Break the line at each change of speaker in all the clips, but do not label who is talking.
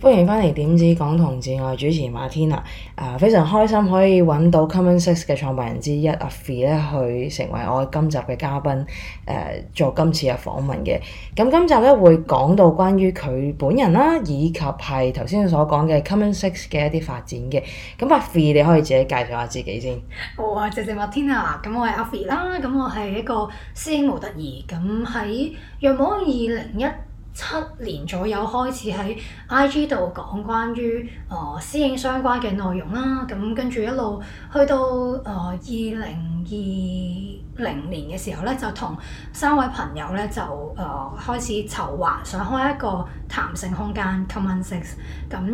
歡迎翻嚟點子講同志愛，主持馬天娜。誒，非常開心可以揾到 Common 6嘅創辦人之一阿 Fe 咧，去成為我今集嘅嘉賓，誒、呃，做今次嘅訪問嘅。咁今集咧會講到關於佢本人啦，以及係頭先所講嘅 Common 6嘅一啲發展嘅。咁阿 Fe 你可以自己介紹下自己先。
我啊、oh，謝謝馬天娜。咁我係阿 Fe 啦。咁我係一個私影模特兒。咁喺約莫二零一七年左右開始喺 IG 度講關於誒、呃、私影相關嘅內容啦，咁跟住一路去到誒二零二零年嘅時候咧，就同三位朋友咧就誒、呃、開始籌劃，想開一個談性空間 Common 6、嗯。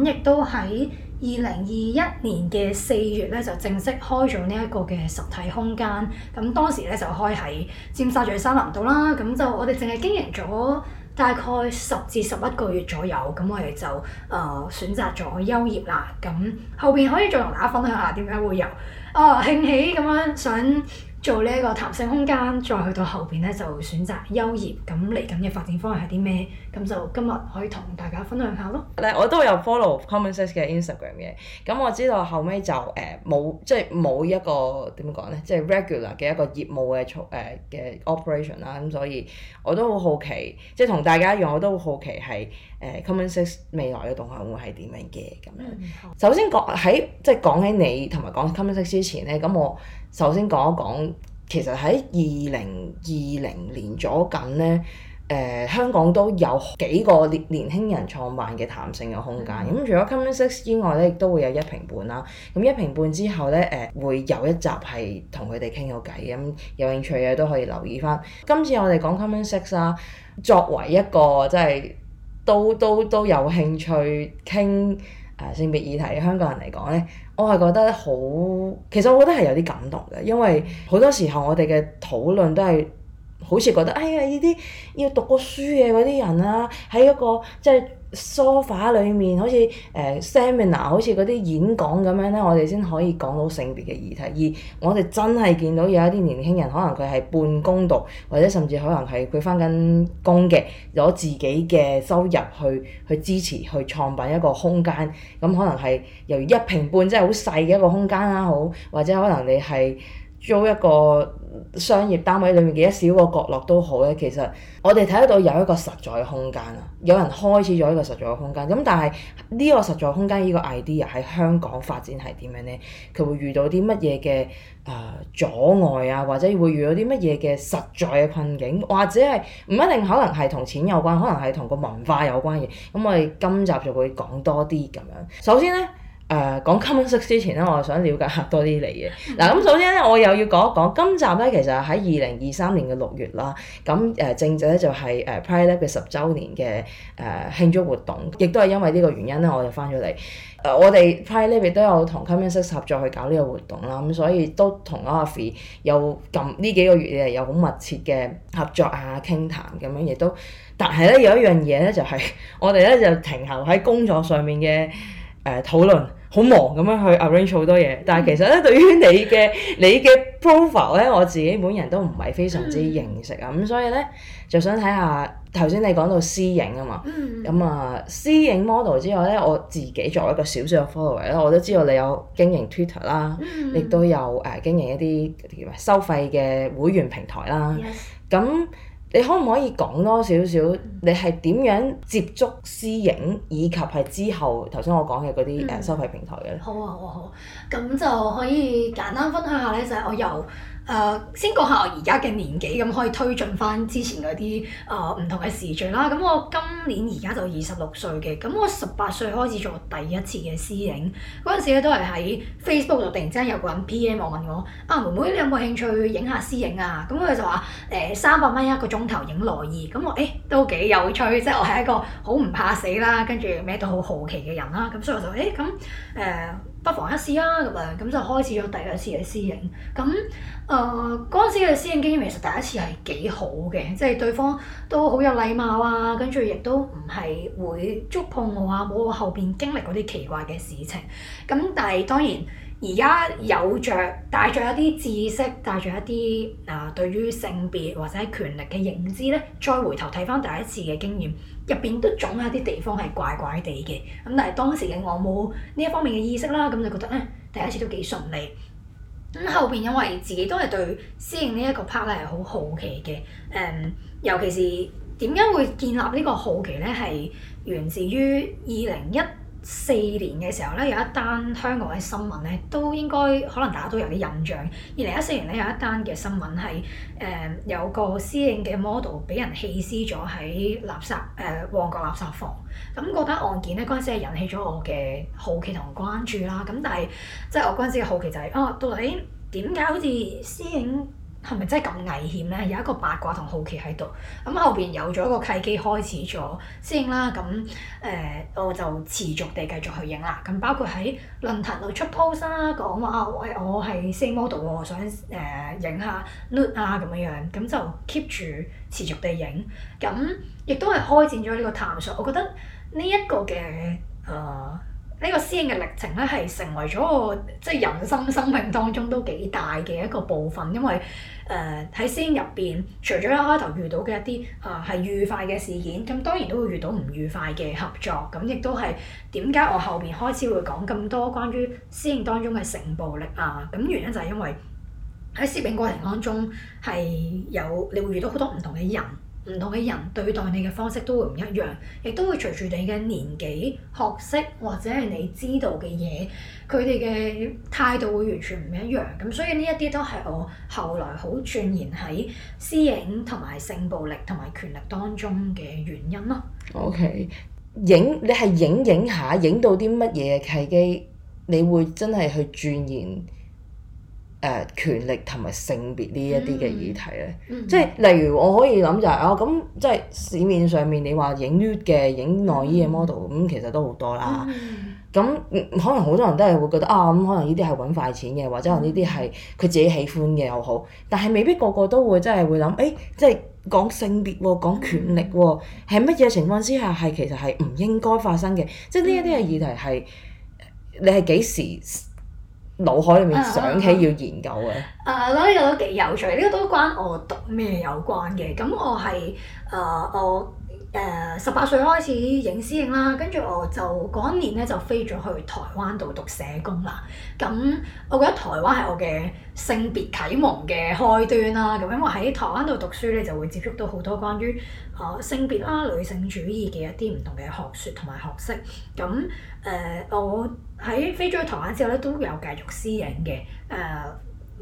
咁亦都喺二零二一年嘅四月咧，就正式開咗呢一個嘅實體空間。咁、嗯、當時咧就開喺尖沙咀山林道啦，咁、嗯、就我哋淨係經營咗。大概十至十一個月左右，咁我哋就誒、呃、選擇咗休業啦。咁後邊可以再同大家分享下點解會有哦、啊，興起咁樣想做呢一個談性空間，再去到後邊呢，就選擇優業，咁嚟緊嘅發展方向係啲咩？咁就今日可以同大家分享下咯。
我都有 follow Common6 嘅 Instagram 嘅，咁我知道後尾就誒冇、呃、即係冇一個點講呢，即係 regular 嘅一個業務嘅操嘅、呃、operation 啦。咁所以我都好好奇，即係同大家一樣，我都好好奇係誒、呃、Common6 未來嘅動向會係點樣嘅咁
樣。嗯、
首先講喺即係講起你同埋講 Common6 之前呢，咁我。首先講一講，其實喺二零二零年左近咧，誒、呃、香港都有幾個年年輕人創辦嘅談性嘅空間。咁、嗯、除咗 Common6 之外咧，亦都會有一平半啦。咁、嗯、一平半之後咧，誒、呃、會有一集係同佢哋傾下偈。咁、嗯、有興趣嘅都可以留意翻。今次我哋講 Common6 啦、啊，作為一個即係都都都有興趣傾誒、呃、性別議題嘅香港人嚟講咧。我係覺得好，其實我覺得係有啲感動嘅，因為好多時候我哋嘅討論都係，好似覺得哎呀，呢啲要讀過書嘅嗰啲人啊，喺一個即係 sofa 裏面，好似誒 seminar，好似嗰啲演講咁樣咧，我哋先可以講到性別嘅議題。而我哋真係見到有一啲年輕人，可能佢係半工讀，或者甚至可能係佢翻緊工嘅，攞自己嘅收入去去支持去創辦一個空間。咁、嗯、可能係由一平半，即係好細嘅一個空間啦、啊，好或者可能你係。租一個商業單位裏面嘅一小個角落都好咧，其實我哋睇得到有一個實在嘅空間啦，有人開始咗一個實在嘅空間。咁但係呢個實在空間呢個 idea 喺香港發展係點樣呢？佢會遇到啲乜嘢嘅阻礙啊，或者會遇到啲乜嘢嘅實在嘅困境，或者係唔一定可能係同錢有關，可能係同個文化有關嘅。咁我哋今集就會講多啲咁樣。首先呢。誒、呃、講 Common6 之前咧，我就想了解下多啲你嘅。嗱，咁首先咧，我又要講一講今集咧，其實喺二零二三年嘅六月啦，咁誒、呃、正值咧就係、是、誒、呃、Pride Lab 嘅十週年嘅誒、呃、慶祝活動，亦都係因為呢個原因咧，我就翻咗嚟。誒、呃、我哋 Pride Lab 咧亦都有同 Common6 合作去搞呢個活動啦，咁、嗯、所以都同阿阿 Fe 有咁呢幾個月誒有好密切嘅合作啊、傾談咁樣，亦都。但係咧有一樣嘢咧就係、是、我哋咧就停留喺工作上面嘅誒、呃、討論。好忙咁樣去 arrange 好多嘢，但係其實咧對於你嘅你嘅 profile 咧，我自己本人都唔係非常之認識啊，咁、嗯、所以咧就想睇下頭先你講到私影啊嘛，咁啊私影 model 之外咧，我自己作為一個小小嘅 follower 咧，我都知道你有經營 Twitter 啦，亦、嗯嗯嗯、都有誒經營一啲收費嘅會員平台啦，咁、嗯嗯。你可唔可以講多少少？你係點樣接觸私影，以及係之後頭先我講嘅嗰啲誒收費平台嘅咧、嗯？
好啊好啊好啊，咁就可以簡單分享下咧，就係、是、我由。誒、uh, 先講下我而家嘅年紀，咁可以推進翻之前嗰啲誒唔同嘅時序啦。咁、嗯、我今年而家就二十六歲嘅，咁、嗯、我十八歲開始做第一次嘅私影，嗰陣時咧都係喺 Facebook 度突然間有個人 PM 我問我啊妹妹，你有冇興趣影下私影啊？咁、嗯、佢、嗯、就話誒三百蚊一個鐘頭影內二，咁、嗯、我誒都幾有趣，即係我係一個好唔怕死啦，跟住咩都好好奇嘅人啦。咁、嗯、所以我就誒咁誒。誒誒嗯嗯呃不妨一試啊！咁啊，咁就開始咗第二次嘅私影。咁誒，嗰、呃、陣時嘅私影經驗其實第一次係幾好嘅，即、就、係、是、對方都好有禮貌啊，跟住亦都唔係會觸碰我啊，冇我後邊經歷嗰啲奇怪嘅事情。咁但係當然。而家有着，帶着一啲知識，帶着一啲嗱、啊、對於性別或者權力嘅認知咧，再回頭睇翻第一次嘅經驗，入邊都總有啲地方係怪怪地嘅。咁但係當時嘅我冇呢一方面嘅意識啦，咁就覺得咧第一次都幾順利。咁、嗯、後邊因為自己都係對私影呢一個 part 咧係好好奇嘅，誒、嗯、尤其是點解會建立呢個好奇咧，係源自於二零一四年嘅時候咧，有一單香港嘅新聞咧，都應該可能大家都有啲印象。二零一四年咧有一單嘅新聞係誒、呃、有個私影嘅 model 俾人棄屍咗喺垃圾誒、呃、旺角垃圾房。咁嗰單案件咧嗰陣時係引起咗我嘅好奇同關注啦。咁但係即係我嗰陣時嘅好奇就係、是、「啊到底點解好似私影？」係咪真係咁危險咧？有一個八卦同好奇喺度，咁後邊有咗一個契機，開始咗私影啦。咁誒、呃，我就持續地繼續去影啦。咁包括喺論壇度出 post 啦，講話我係私影 model 我想誒影、呃、下 look 啊咁樣樣，咁就 keep 住持續地影。咁亦都係開展咗呢個探索。我覺得呢、呃這個、一個嘅誒呢個私影嘅歷程咧，係成為咗我即係人生生命當中都幾大嘅一個部分，因為。誒喺私影入邊，除咗一開頭遇到嘅一啲啊係愉快嘅事件，咁當然都會遇到唔愉快嘅合作，咁亦都係點解我後邊開始會講咁多關於私影當中嘅性暴力啊？咁、uh, 原因就係因為喺攝影過程當中係有你會遇到好多唔同嘅人。唔同嘅人對待你嘅方式都會唔一樣，亦都會隨住你嘅年紀、學識或者係你知道嘅嘢，佢哋嘅態度會完全唔一樣。咁所以呢一啲都係我後來好鑽研喺私影同埋性暴力同埋權力當中嘅原因咯。
OK，影你係影影下，影到啲乜嘢契機，你會真係去鑽研？誒、呃、權力同埋性別呢一啲嘅議題咧，嗯嗯、即係例如我可以諗就係、是、啊，咁即係市面上面你話影 nude 嘅、影內衣嘅 model，咁、嗯、其實都好多啦。咁、嗯、可能好多人都係會覺得啊，咁可能呢啲係揾快錢嘅，或者可能呢啲係佢自己喜歡嘅又好。但係未必個個都會真係會諗，誒、哎，即係講性別、哦、講權力、哦，係乜嘢情況之下係其實係唔應該發生嘅。即係呢一啲嘅議題係你係幾時？腦海裡面想起要研究嘅。
誒，我呢個都幾有趣，呢個都關我讀咩有關嘅。咁我係誒我誒十八歲開始影私影啦，跟住我就嗰一年咧就飛咗去台灣度讀社工啦。咁、嗯、我覺得台灣係我嘅性別啟蒙嘅開端啦。咁因為喺台灣度讀書咧，就會接觸到好多關於啊性別啦、女性主義嘅一啲唔同嘅學説同埋學識、嗯。咁、呃、誒我。喺飛咗去台灣之後咧，都有繼續私影嘅。誒、呃、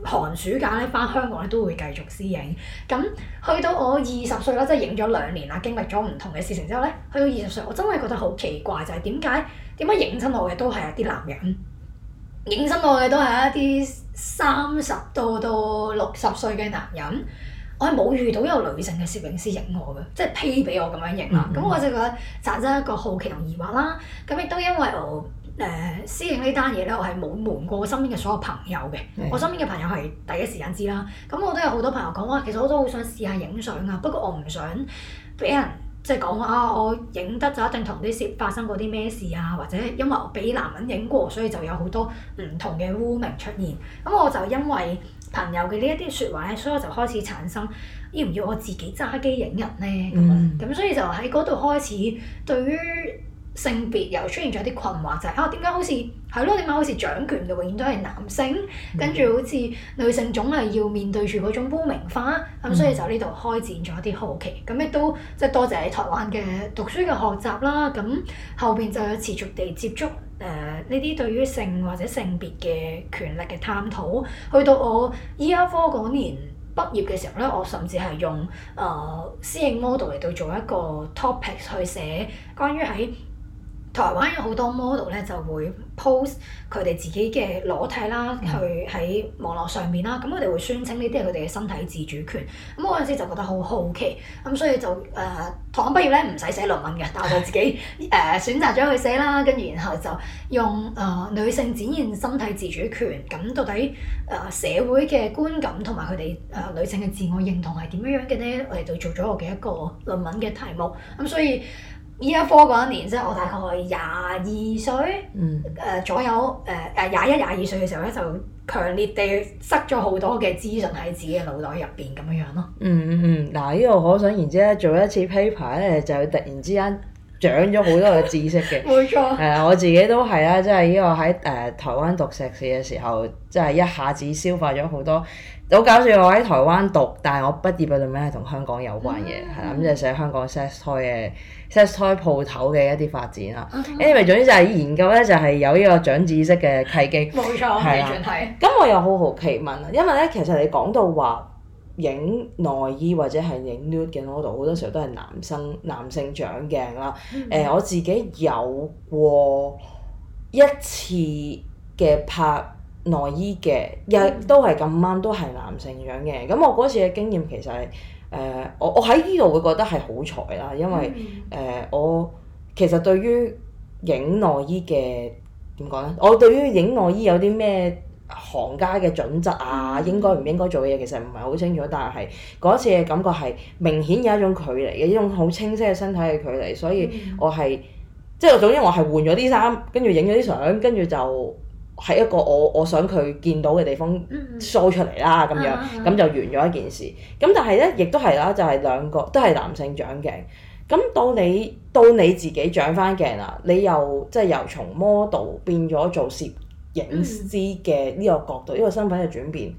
寒暑假咧，翻香港咧都會繼續私影。咁去到我二十歲啦，即係影咗兩年啦，經歷咗唔同嘅事情之後咧，去到二十歲，我真係覺得好奇怪，就係點解點解影親我嘅都係一啲男人，影親我嘅都係一啲三十多到六十歲嘅男人。我係冇遇到有女性嘅攝影師影我嘅，即係批俾我咁樣影啦。咁、嗯嗯、我就覺得產生一個好奇同疑惑啦。咁亦都因為我。誒私影呢單嘢咧，我係冇瞞過我身邊嘅所有朋友嘅。的我身邊嘅朋友係第一時間知啦。咁我都有好多朋友講話，其實我都好想試下影相啊。不過我唔想俾人即係講話啊，我影得就一定同啲攝發生過啲咩事啊，或者因為我俾男人影過，所以就有好多唔同嘅污名出現。咁我就因為朋友嘅呢一啲説話咧，所以我就開始產生要唔要我自己揸機影人咧，咁，咁所以就喺嗰度開始對於。性別又出現咗啲困惑，就係、是、啊點解好似係咯？點解好似掌權嘅永遠都係男性，跟住、mm hmm. 好似女性總係要面對住嗰種污名化，咁、mm hmm. 嗯、所以就呢度開展咗一啲好奇。咁亦都即係、就是、多謝喺台灣嘅讀書嘅學習啦。咁後邊就有持續地接觸誒呢啲對於性或者性別嘅權力嘅探討。去到我 year 4嗰年畢業嘅時候咧，我甚至係用誒、呃、私影 model 嚟到做一個 topic 去寫關於喺。台灣有好多 model 咧，就會 post 佢哋自己嘅裸體啦，去喺網絡上面啦。咁佢哋會宣稱呢啲係佢哋嘅身體自主權。咁嗰陣時就覺得好好奇。咁、嗯、所以就誒，台、呃、灣畢業咧唔使寫論文嘅，但係我就自己誒、 呃、選擇咗去寫啦。跟住然後就用誒、呃、女性展現身體自主權。咁到底誒、呃、社會嘅觀感同埋佢哋誒女性嘅自我認同係點樣樣嘅咧？我哋就做咗我嘅一個論文嘅題目。咁、嗯、所以。依一科嗰一年即係我大概廿二歲，誒左右誒誒廿一廿二歲嘅時候咧，就強烈地塞咗好多嘅資訊喺自己嘅腦袋入邊咁樣樣咯、
嗯。嗯嗯嗯，嗱、這、呢個可想而知，咧做一次 paper 咧，就突然之間長咗好多嘅知識嘅。冇 錯。係啊、呃，我自己都係啦，即係呢個喺誒台灣讀碩士嘅時候，即、就、係、是、一下子消化咗好多。好搞笑，我喺台灣讀，但係我畢業嘅對面係同香港有關嘅，係啦咁就寫香港 sex toy 嘅。嗯即 e s t 鋪頭嘅一啲發展啦，a y 總之就係研究咧，就係有呢個長知識嘅契機，係啊。 咁我又好好奇問啦，因為咧其實你講到話影內衣或者係影 nude 嘅 model，好多時候都係男生男性長鏡啦。誒、嗯呃，我自己有過一次嘅拍內衣嘅，亦都係咁啱，嗯、都係男性長嘅。咁我嗰次嘅經驗其實～誒、uh, 我我喺呢度會覺得係好彩啦，因為誒、mm hmm. uh, 我其實對於影內衣嘅點講呢？我對於影內衣有啲咩行家嘅準則啊，mm hmm. 應該唔應該做嘅嘢，其實唔係好清楚，但係嗰次嘅感覺係明顯有一種距離嘅，一種好清晰嘅身體嘅距離，所以我係、mm hmm. 即係總之我係換咗啲衫，跟住影咗啲相，跟住就係一個我我想佢見到嘅地方 show 出嚟啦，咁樣咁就完咗一件事。咁但係呢，亦都係啦，就係、是、兩個都係男性掌鏡。咁到你到你自己掌返鏡啦，你又即係、就是、由從 model 變咗做攝影師嘅呢個角度，呢、嗯個,這個身份嘅轉變。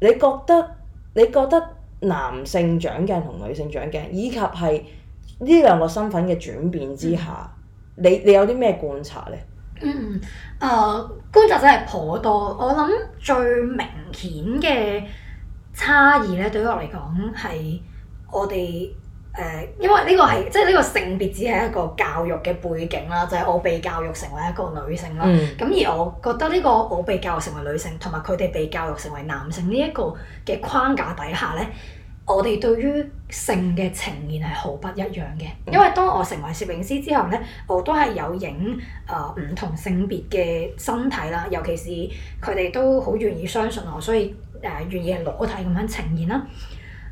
你覺得你覺得男性掌鏡同女性掌鏡，以及係呢兩個身份嘅轉變之下，嗯、你你有啲咩觀察呢？
嗯，誒、呃、觀察真係頗多，我諗最明顯嘅差異咧，對於我嚟講係我哋誒，因為呢個係即係呢個性別只係一個教育嘅背景啦，就係、是、我被教育成為一個女性啦。咁、嗯、而我覺得呢個我被教育成為女性，同埋佢哋被教育成為男性呢一個嘅框架底下咧。我哋對於性嘅呈現係毫不一樣嘅，因為當我成為攝影師之後咧，我都係有影啊唔、呃、同性別嘅身體啦，尤其是佢哋都好願意相信我，所以誒願、呃、意係裸體咁樣呈現啦。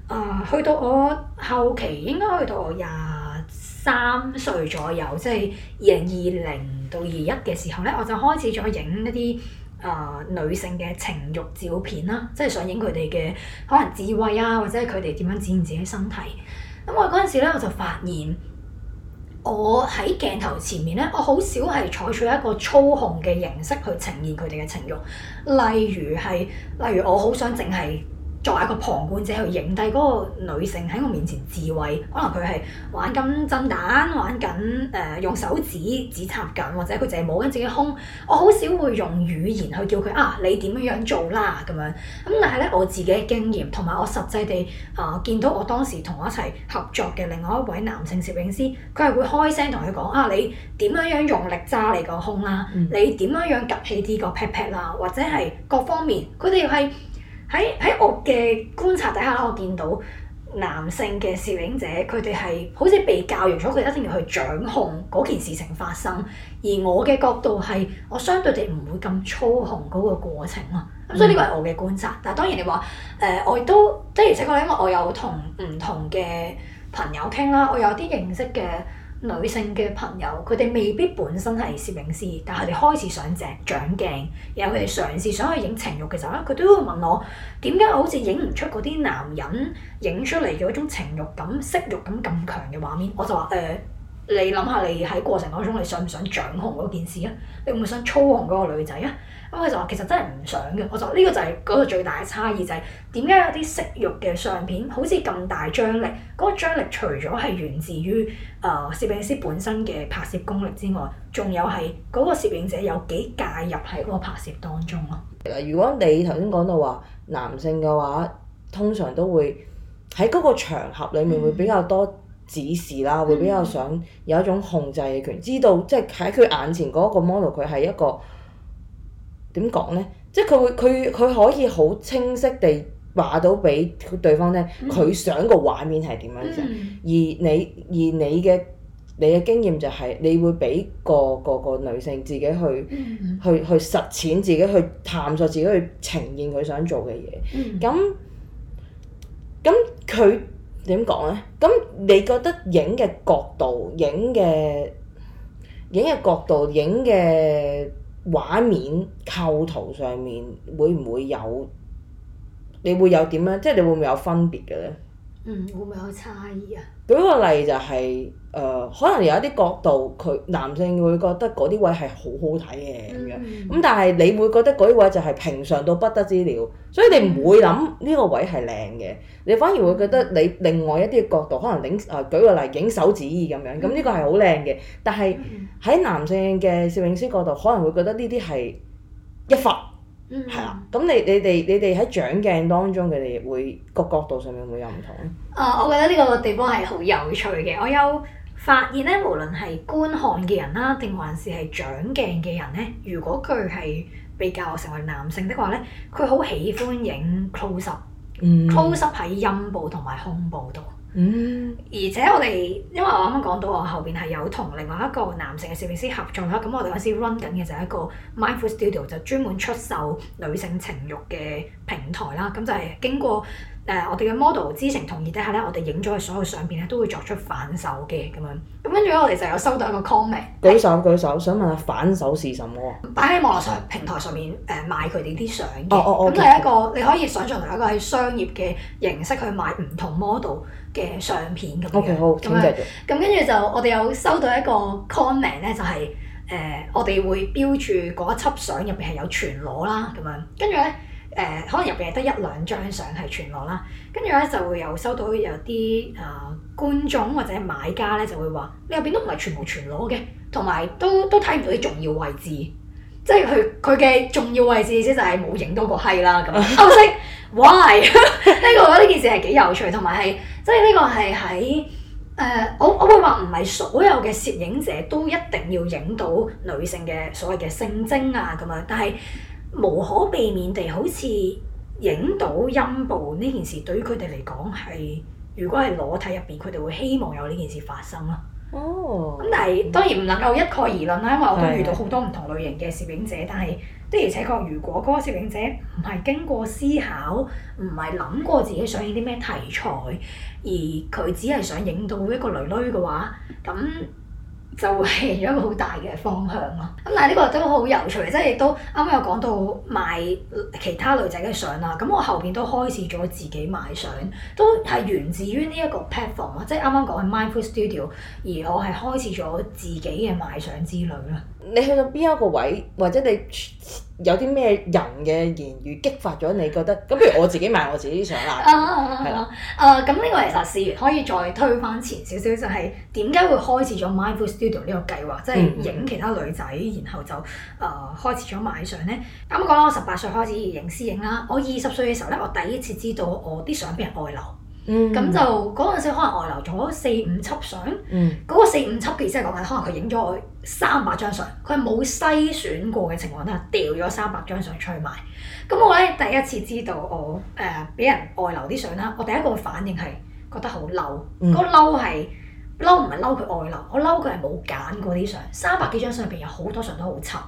啊、呃，去到我後期應該去到我廿三歲左右，即係二零二零到二一嘅時候咧，我就開始咗影一啲。啊、呃，女性嘅情慾照片啦，即係想影佢哋嘅可能智慧啊，或者係佢哋點樣展現自己身體。咁、嗯、我嗰陣時咧，我就發現我喺鏡頭前面咧，我好少係採取一個操控嘅形式去呈現佢哋嘅情慾，例如係，例如我好想淨係，作為一個旁觀者去影低嗰個女性喺我面前自慰，可能佢係玩緊震蛋，玩緊誒、呃、用手指指插緊，或者佢凈係摸緊自己胸。我好少會用語言去叫佢啊，你點樣樣做啦咁樣。咁但係咧，我自己嘅經驗同埋我實際地啊見到我當時同我一齊合作嘅另外一位男性攝影師，佢係會開聲同佢講啊，你點樣樣用力揸你個胸啦，你點樣樣夾起啲個 pat pat 啦，或者係各方面，佢哋係。喺喺我嘅觀察底下啦，我見到男性嘅攝影者，佢哋係好似被教育咗，佢哋一定要去掌控嗰件事情發生。而我嘅角度係，我相對地唔會咁操控嗰個過程咯。咁所以呢個係我嘅觀察。但係當然你話誒、呃，我亦都的而且確，因為我有同唔同嘅朋友傾啦，我有啲認識嘅女性嘅朋友，佢哋未必本身係攝影師，但係佢哋開始想隻長鏡，然後佢哋嘗試想去影情慾嘅時候咧，佢都會問我點解好似影唔出嗰啲男人影出嚟嘅一種情慾感、色慾感咁強嘅畫面？我就話誒。呃你諗下，你喺過程當中，你想唔想掌控嗰件事啊？你會唔會想操控嗰個女仔啊？咁佢就話其實真係唔想嘅。我就呢、這個就係嗰個最大嘅差異，就係點解有啲色慾嘅相片好似咁大張力，嗰、那個張力除咗係源自於誒、呃、攝影師本身嘅拍攝功力之外，仲有係嗰個攝影者有幾介入喺嗰個拍攝當中咯。
嗱，如果你頭先講到話男性嘅話，通常都會喺嗰個場合裡面會比較多、嗯。指示啦，會比較想有一種控制嘅權。Mm hmm. 知道即係喺佢眼前嗰一個 model，佢係一個點講咧？即係佢會，佢、佢、佢、佢、可以好清晰地話到俾對方聽，佢想個畫面係點樣嘅。而你而你嘅你嘅經驗就係你會俾、個個個女性自己去、mm hmm. 去去實踐，自己去探索，自己去呈現佢想做嘅嘢。咁咁佢。Hmm. 點講呢？咁你覺得影嘅角度、影嘅影嘅角度、影嘅畫面、構圖上面會唔會有？你會有點樣？即係你會唔會有分別嘅呢？嗯，會唔會有差異啊？舉個例就係、是，誒、呃，可能有一啲角度，佢男性會覺得嗰啲位係好好睇嘅咁樣，咁、嗯、但係你會覺得嗰啲位就係平常到不得之了，所以你唔會諗呢個位係靚嘅，嗯、你反而會覺得你另外一啲角度，可能影誒、呃、舉個例影手指咁樣，咁呢個係好靚嘅，但係喺男性嘅攝影師角度，可能會覺得呢啲係一發。係啦，咁你你哋你哋喺掌鏡當中，佢哋會個角度上面會，會有唔同。
誒、呃，我覺得呢個地方係好有趣嘅。我有發現咧，無論係觀看嘅人啦，定還是係掌鏡嘅人咧，如果佢係比較成為男性的話咧，佢好喜歡影 close-up，close-up、嗯、喺陰部同埋胸部度。嗯，
而且我哋
因為我啱啱講到，我後邊係有同另外一個男性嘅攝影師合作啦，咁 我哋嗰時 run 緊嘅就係一個 Mindful Studio，就專門出售女性情慾嘅平台啦，咁就係經過。誒，uh, 我哋嘅 model 知情同意底下咧，我哋影咗嘅所有相片咧，都會作出反手嘅咁樣。
咁跟住咧，我哋就有收到一個 comment。舉手舉手，想問下反手是什麼？
擺喺網絡上平台上面誒賣佢哋啲相嘅、哦。哦哦哦。咁係樣 okay, 一個 okay, 你可以想象到一個喺商業嘅形式去賣唔同 model 嘅相片咁 O K 好，多謝樣。咁跟住就我哋有收到一個 comment 咧、就是，就係誒我哋會標住嗰一輯相入邊係有全裸啦咁樣。跟住咧。誒、呃、可能入邊係得一兩張相係全裸啦，跟住咧就會有收到有啲啊、呃、觀眾或者買家咧就會話：你入邊都唔係全部全裸嘅，同埋都都睇唔到啲重要位置，即係佢佢嘅重要位置先就係冇影到、 就係個閪啦咁，我咪先？Why？呢個呢件事係幾有趣，同埋係即係呢個係喺誒，我我會話唔係所有嘅攝影者都一定要影到女性嘅所謂嘅性徵啊咁樣，但係。無可避免地，好似影到陰部呢件事，對於佢哋嚟講係，如果係裸體入邊，佢哋會希望有呢件事發生咯。哦。
咁
但係當然唔能夠一概而論啦，因為我都遇到好多唔同類型嘅攝影者，的但係的而且確，如果嗰個攝影者唔係經過思考，唔係諗過自己想影啲咩題材，而佢只係想影到一個囡囡嘅話，咁。就會係一個好大嘅方向咯。咁但係呢個都好有趣，即係亦都啱啱有講到賣其他女仔嘅相啦。咁我後邊都開始咗自己賣相，都係源自於呢一個 platform 咯，即係啱啱講係 Mindful Studio，而我係開始咗自己嘅賣相之旅啦。
你去到邊一個位，或者你有啲咩人嘅言語激發咗你，你覺得？咁譬如我自己賣我自己相啦，係
啦。誒，咁呢個其實係可以再推返前少少，就係點解會開始咗 Mindful Studio 呢個計劃，即係影其他女仔，嗯、然後就誒、呃、開始咗賣相呢。咁、嗯、講，我十八歲開始影私影啦。我二十歲嘅時候呢，我第一次知道我啲相俾人外流。咁就嗰陣時可能外流咗四五輯相，嗰、嗯、個四五輯嘅意思係講緊，可能佢影咗我三百張相，佢係冇篩選過嘅情況下掉咗三百張相出去賣。咁我呢第一次知道我誒俾、呃、人外流啲相啦，我第一個反應係覺得好嬲，嗰嬲係嬲唔係嬲佢外流，我嬲佢係冇揀過啲相，三百幾張相入邊有好多相都好差。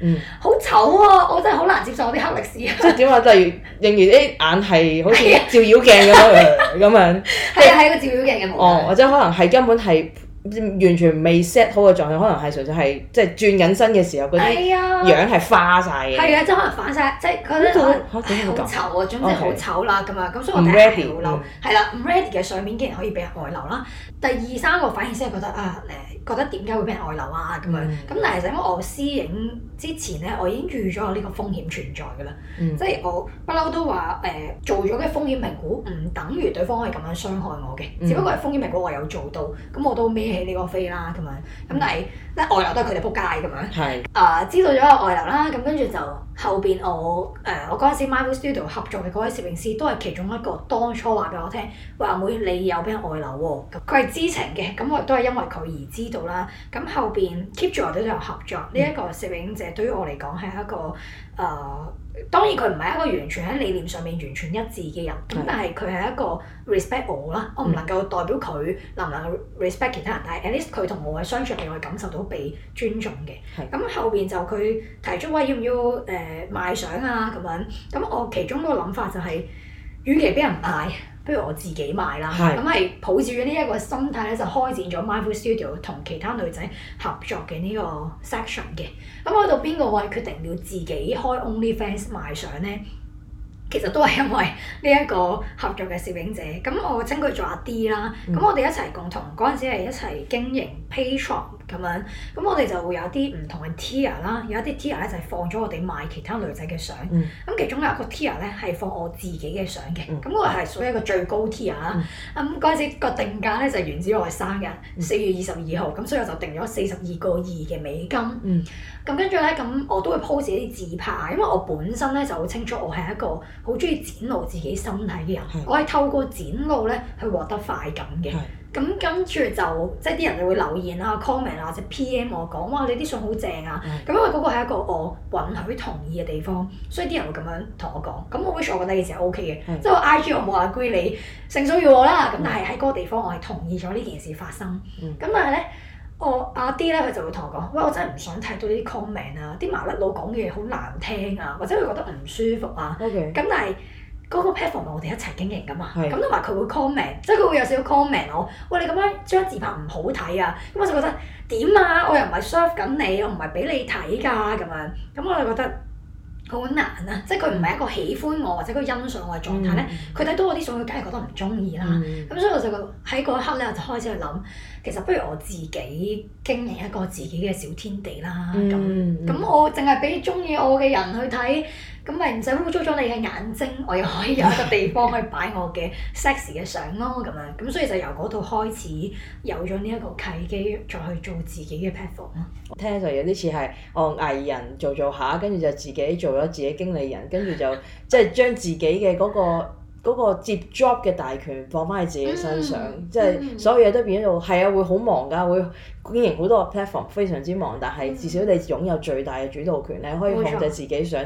嗯，好醜啊，嗯、我真係好難接受我啲黑歷史、啊。
啊，即係點話，即係仍然啲眼係好似照妖鏡咁樣咁樣。
係啊，係個照妖鏡嘅模樣。哦，或
者可能係根本係。完全未 set 好嘅狀態，可能係純粹係即係轉緊身嘅時候，嗰啲、哎、呀樣係花晒，嘅、哎。係啊，
即係可能反晒，即係覺得好醜啊，總之好醜啦咁啊，咁 Okay. 所以我哋係
好嬲。
係啦、嗯，咁 ready 嘅相面竟然可以俾人外流啦。第二三個反應先係覺得啊，誒，覺得點解會俾人外流啊咁樣。咁、嗯、但係其實因為我私影之前咧，我已經預咗有呢個風險存在嘅啦。嗯、即係我不嬲都話誒、呃，做咗嘅風險評估唔等於對方可以咁樣傷害我嘅，只不過係風險評估我有做到，咁我都咩？呢個飛啦咁樣，咁、嗯、但係外流都係佢哋仆街咁樣。係啊，知道咗個外流啦，咁跟住就後邊我誒、呃、我嗰陣時 My studio 合作嘅嗰位攝影師，都係其中一個當初話俾我聽話妹，妹，你有俾人外流喎、啊，佢係知情嘅，咁我都係因為佢而知道啦。咁後邊 keep 住我哋繼續合作，呢一、嗯、個攝影者對於我嚟講係一個誒。呃當然佢唔係一個完全喺理念上面完全一致嘅人，咁的但係佢係一個 respect 我啦，嗯、我唔能夠代表佢能唔能夠 respect 其他人，但係 at least 佢同我嘅相處，係我會感受到被尊重嘅。咁的後邊就佢提出，喂，要唔要誒賣相啊咁樣，咁我其中一個諗法就係、是，與其俾人賣。不如我自己賣啦，咁係是抱住呢一個心態咧，就開展咗 My Photo Studio 同其他女仔合作嘅呢個 section 嘅。咁去到邊個位決定要自己開 Only Fans 賣相咧？其實都係因為呢一個合作嘅攝影者，咁我稱佢做阿 D 啦、嗯。咁我哋一齊共同嗰陣時係一齊經營 Patreon。咁樣，咁、嗯、我哋就會有啲唔同嘅 tier 啦，有一啲 tier 咧就係放咗我哋賣其他女仔嘅相，咁、嗯、其中有一個 tier 咧係放我自己嘅相嘅，咁我係屬於一個最高 tier 啦、嗯。咁嗰陣時個定價咧就係源自我係生日，四月二十二號，咁、嗯、所以我就定咗四十二個二嘅美金。咁跟住咧，咁、嗯、我都會 post 一啲自拍啊，因為我本身咧就好清楚我係一個好中意展露自己身體嘅人，嗯、我係透過展露咧去獲得快感嘅。嗯咁跟住就，即係啲人就會留言啊、comment 啊，或者 PM 我講哇，你啲信好正啊！咁、mm. 因為嗰個係一個我允許同意嘅地方，所以啲人會咁樣同我講。咁我會，我覺得件事係 OK 嘅，mm. 即係我 IG 我冇話 agree，性騷擾我啦。咁但係喺嗰個地方我係同意咗呢件事發生。咁、mm. 但係咧，我阿 D 咧佢就會同我講，喂，我真係唔想睇到呢啲 comment 啊，啲麻甩佬講嘅嘢好難聽啊，或者佢覺得唔舒服啊。咁 Okay. 但係。嗰個 platform 我哋一齊經營噶嘛，咁同埋佢會 comment，即係佢會有少少 comment 我，喂你咁樣將自拍唔好睇啊，咁我就覺得點啊，我又唔係 serve 緊你，我唔係俾你睇噶咁樣，咁我就覺得好難啊，即係佢唔係一個喜歡我、嗯、或者佢欣賞我嘅狀態咧，佢睇、嗯、到我啲相佢梗係覺得唔中意啦，咁、嗯、所以我就喺嗰一刻咧我就開始去諗，其實不如我自己經營一個自己嘅小天地啦，咁咁、嗯、我淨係俾中意我嘅人去睇。咁咪唔使污糟咗你嘅眼睛，我又可以有一個地方去擺我嘅 sex 嘅相咯，咁樣咁所以就由嗰度開始有咗呢一個契機，再去做自己嘅 platform。
聽就有啲似係，我藝人做做下，跟住就自己做咗自己經理人，跟住就即係、就是、將自己嘅嗰、那個接 job 嘅大權放翻喺自己身上，即係、嗯、所有嘢都變咗做係啊，會好忙㗎，會經營好多個 platform，非常之忙，但係至少你擁有最大嘅主導權，你可以控制自己想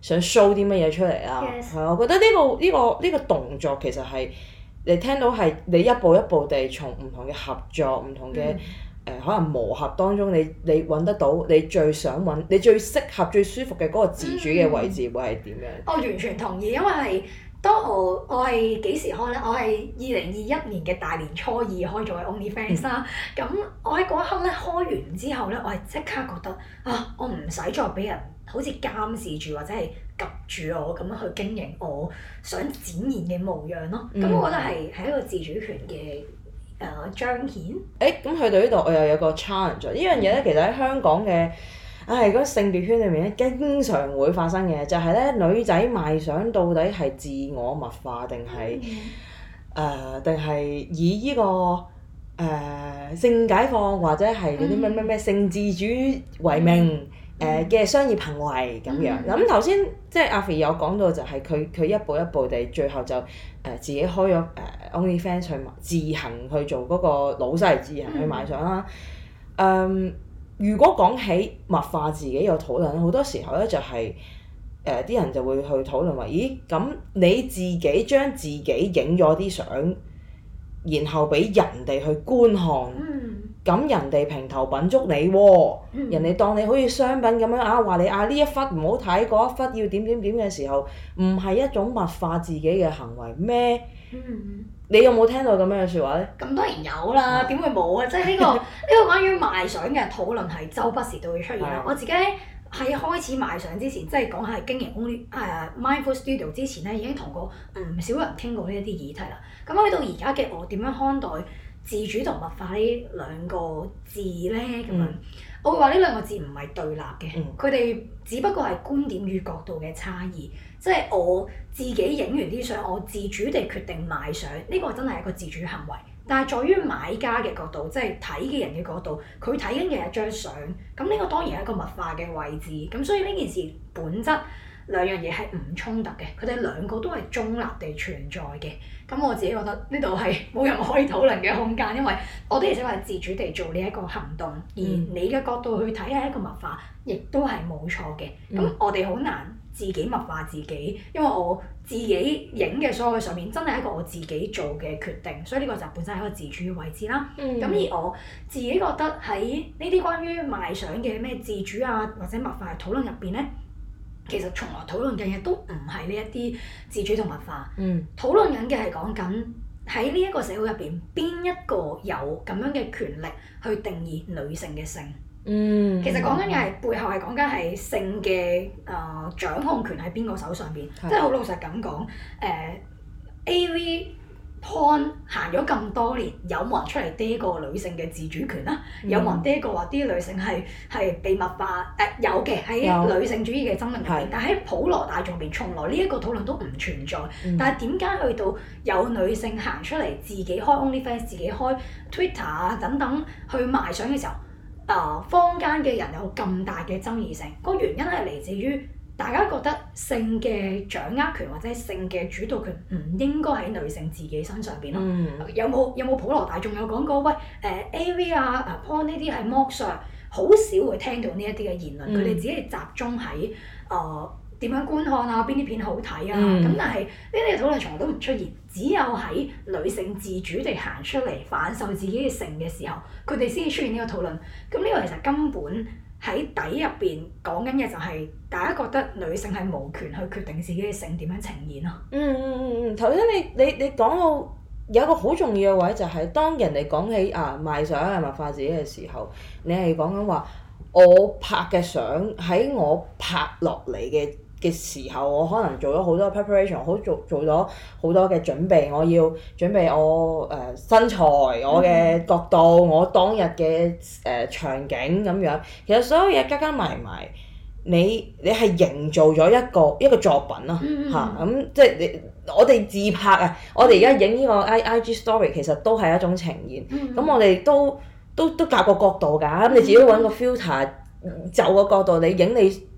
想 show 啲乜嘢出嚟啊？係 Yes. 我覺得呢、呢個呢、呢個呢、呢個動作其實係你聽到係你一步一步地從唔同嘅合作、唔、mm. 同嘅誒、呃、可能磨合當中，你你揾得到你最想揾、你最適合、最舒服嘅嗰個自主嘅位置會係點樣？Mm. 我
完全同意，因為係當我我係幾時開咧？我係二零二一年嘅大年初二開咗嘅 OnlyFans 啦。咁、mm. 我喺嗰一刻咧開完之後咧，我係即刻覺得啊，我唔使再俾人。好似監視住或者係及住我咁樣去經營我想展現嘅模樣咯，咁、嗯、我覺得係係一個自主權嘅誒彰顯。
誒咁去到呢度，我又有個 challenge。呢樣嘢咧，其實喺香港嘅，誒、哎、嗰、那個性別圈裏面咧，經常會發生嘅就係、是、咧，女仔賣相到底係自我物化定係誒定係以呢、這個誒、呃、性解放或者係嗰啲咩咩咩性自主為名。嗯嗯誒嘅、uh, mm. 商業行為咁樣，咁頭先即係、mm. 阿肥有講到就係佢佢一步一步地，最後就誒、呃、自己開咗誒、呃、OnlyFans 去自行去做嗰個老細、mm. 自行去賣相啦。嗯，如果講起物化自己有討論，好多時候咧就係誒啲人就會去討論話，咦咁你自己將自己影咗啲相，然後俾人哋去觀看。Mm. 咁人哋評頭品足你、哦，人哋當你好似商品咁樣啊，話你啊呢一忽唔好睇，嗰一忽要點點點嘅時候，唔係一種物化自己嘅行為咩？ 你有冇聽到咁樣嘅說話呢？咁當然有啦，點會冇啊？即係呢個呢、呢個關於賣
相嘅討論係周不時都會出現啦。 我自己喺開始賣相之前，即、就、係、係、講下經營公司、誒、呃、Mindful Studio 之前呢，已經同過唔少人傾過呢一啲議題啦。咁、嗯、去到而家嘅我點樣看待？自主同物化呢兩個字咧，咁樣、嗯，我會話呢兩個字唔係對立嘅，佢哋、嗯、只不過係觀點與角度嘅差異。即、就、係、是、我自己影完啲相，我自主地決定買相，呢、這個真係一個自主行為。但係在於買家嘅角度，即係睇嘅人嘅角度，佢睇緊嘅係張相。咁、這、呢個當然係一個物化嘅位置。咁所以呢件事本質兩樣嘢係唔衝突嘅，佢哋兩個都係中立地存在嘅。咁我自己覺得呢度係冇任何可以討論嘅空間，因為我哋其實係自主地做呢一個行動，而你嘅角度去睇係一個物化，亦都係冇錯嘅。咁我哋好難自己物化自己，因為我自己影嘅所有嘅上面真係一個我自己做嘅決定，所以呢個就本身係一個自主嘅位置啦。咁、嗯、而我自己覺得喺呢啲關於賣相嘅咩自主啊或者物化嘅討論入邊咧。其實從來討論嘅嘢都唔係呢一啲自主同物化，嗯、討論緊嘅係講緊喺呢一個社會入邊，邊一個有咁樣嘅權力去定義女性嘅性。嗯、其實講緊嘅係背後係講緊係性嘅誒、呃、掌控權喺邊個手上邊，的即係好老實咁講誒。AV 潘行咗咁多年，有冇人出嚟跌過女性嘅自主權啊、嗯欸？有冇人跌過話啲女性係係被物化？誒有嘅喺女性主義嘅爭論入邊，有但喺普羅大眾入邊，從來呢一個討論都唔存在。嗯、但係點解去到有女性行出嚟，自己開 OnlyFans、自己開 Twitter 啊等等去賣相嘅時候，啊、呃、坊間嘅人有咁大嘅爭議性？個原因係嚟自於。大家覺得性嘅掌握權或者性嘅主導權唔應該喺女性自己身上邊咯？嗯、有冇有冇普羅大眾有講過喂？誒、呃、AV 啊、porn 呢啲係剝削，好少會聽到呢一啲嘅言論。佢哋只係集中喺誒點樣觀看啊，邊啲片好睇啊？咁、嗯、但係呢啲嘅討論從來都唔出現，只有喺女性自主地行出嚟反受自己嘅性嘅時候，佢哋先至出現呢個討論。咁呢個其實根本喺底入邊講緊嘅就係大家覺得女性係
無權去決定自己嘅性點樣呈現咯。嗯嗯嗯嗯，頭先你你你講到有一個好重要嘅位就係、是、當人哋講起啊賣相係咪化自己嘅時候，你係講緊話我拍嘅相喺我拍落嚟嘅嘅時候，我可能做咗好多 preparation，好做做咗好多嘅準備。我要準備我誒身材、我嘅角度、我當日嘅誒場景咁樣。其實所有嘢加加埋埋，你你係營造咗一個一個作品咯嚇。咁即係你我哋自拍啊，我哋而家影呢個 I I G Story 其實都係一種呈現。咁 我哋都都都夾 個，個角度㗎。咁你自己揾個 filter，就個角度你影你，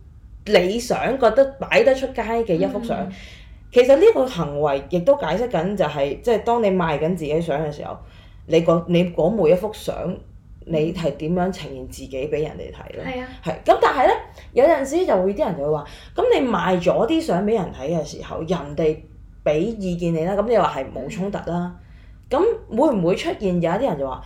你想覺得擺得出街嘅一幅相，mm hmm. 其實呢個行為亦都解釋緊就係、是，即、就、係、是、當你賣緊自己相嘅時候，你講你每一幅相，
你係
點樣呈現自己俾人哋睇咧？係啊、mm，係、hmm.。咁但係咧，有陣時就會啲人就會話，咁你賣咗啲相俾人睇嘅時候，人哋俾意見你啦，咁你話係冇衝突啦。咁、mm hmm. 會唔會出現有一啲人就話，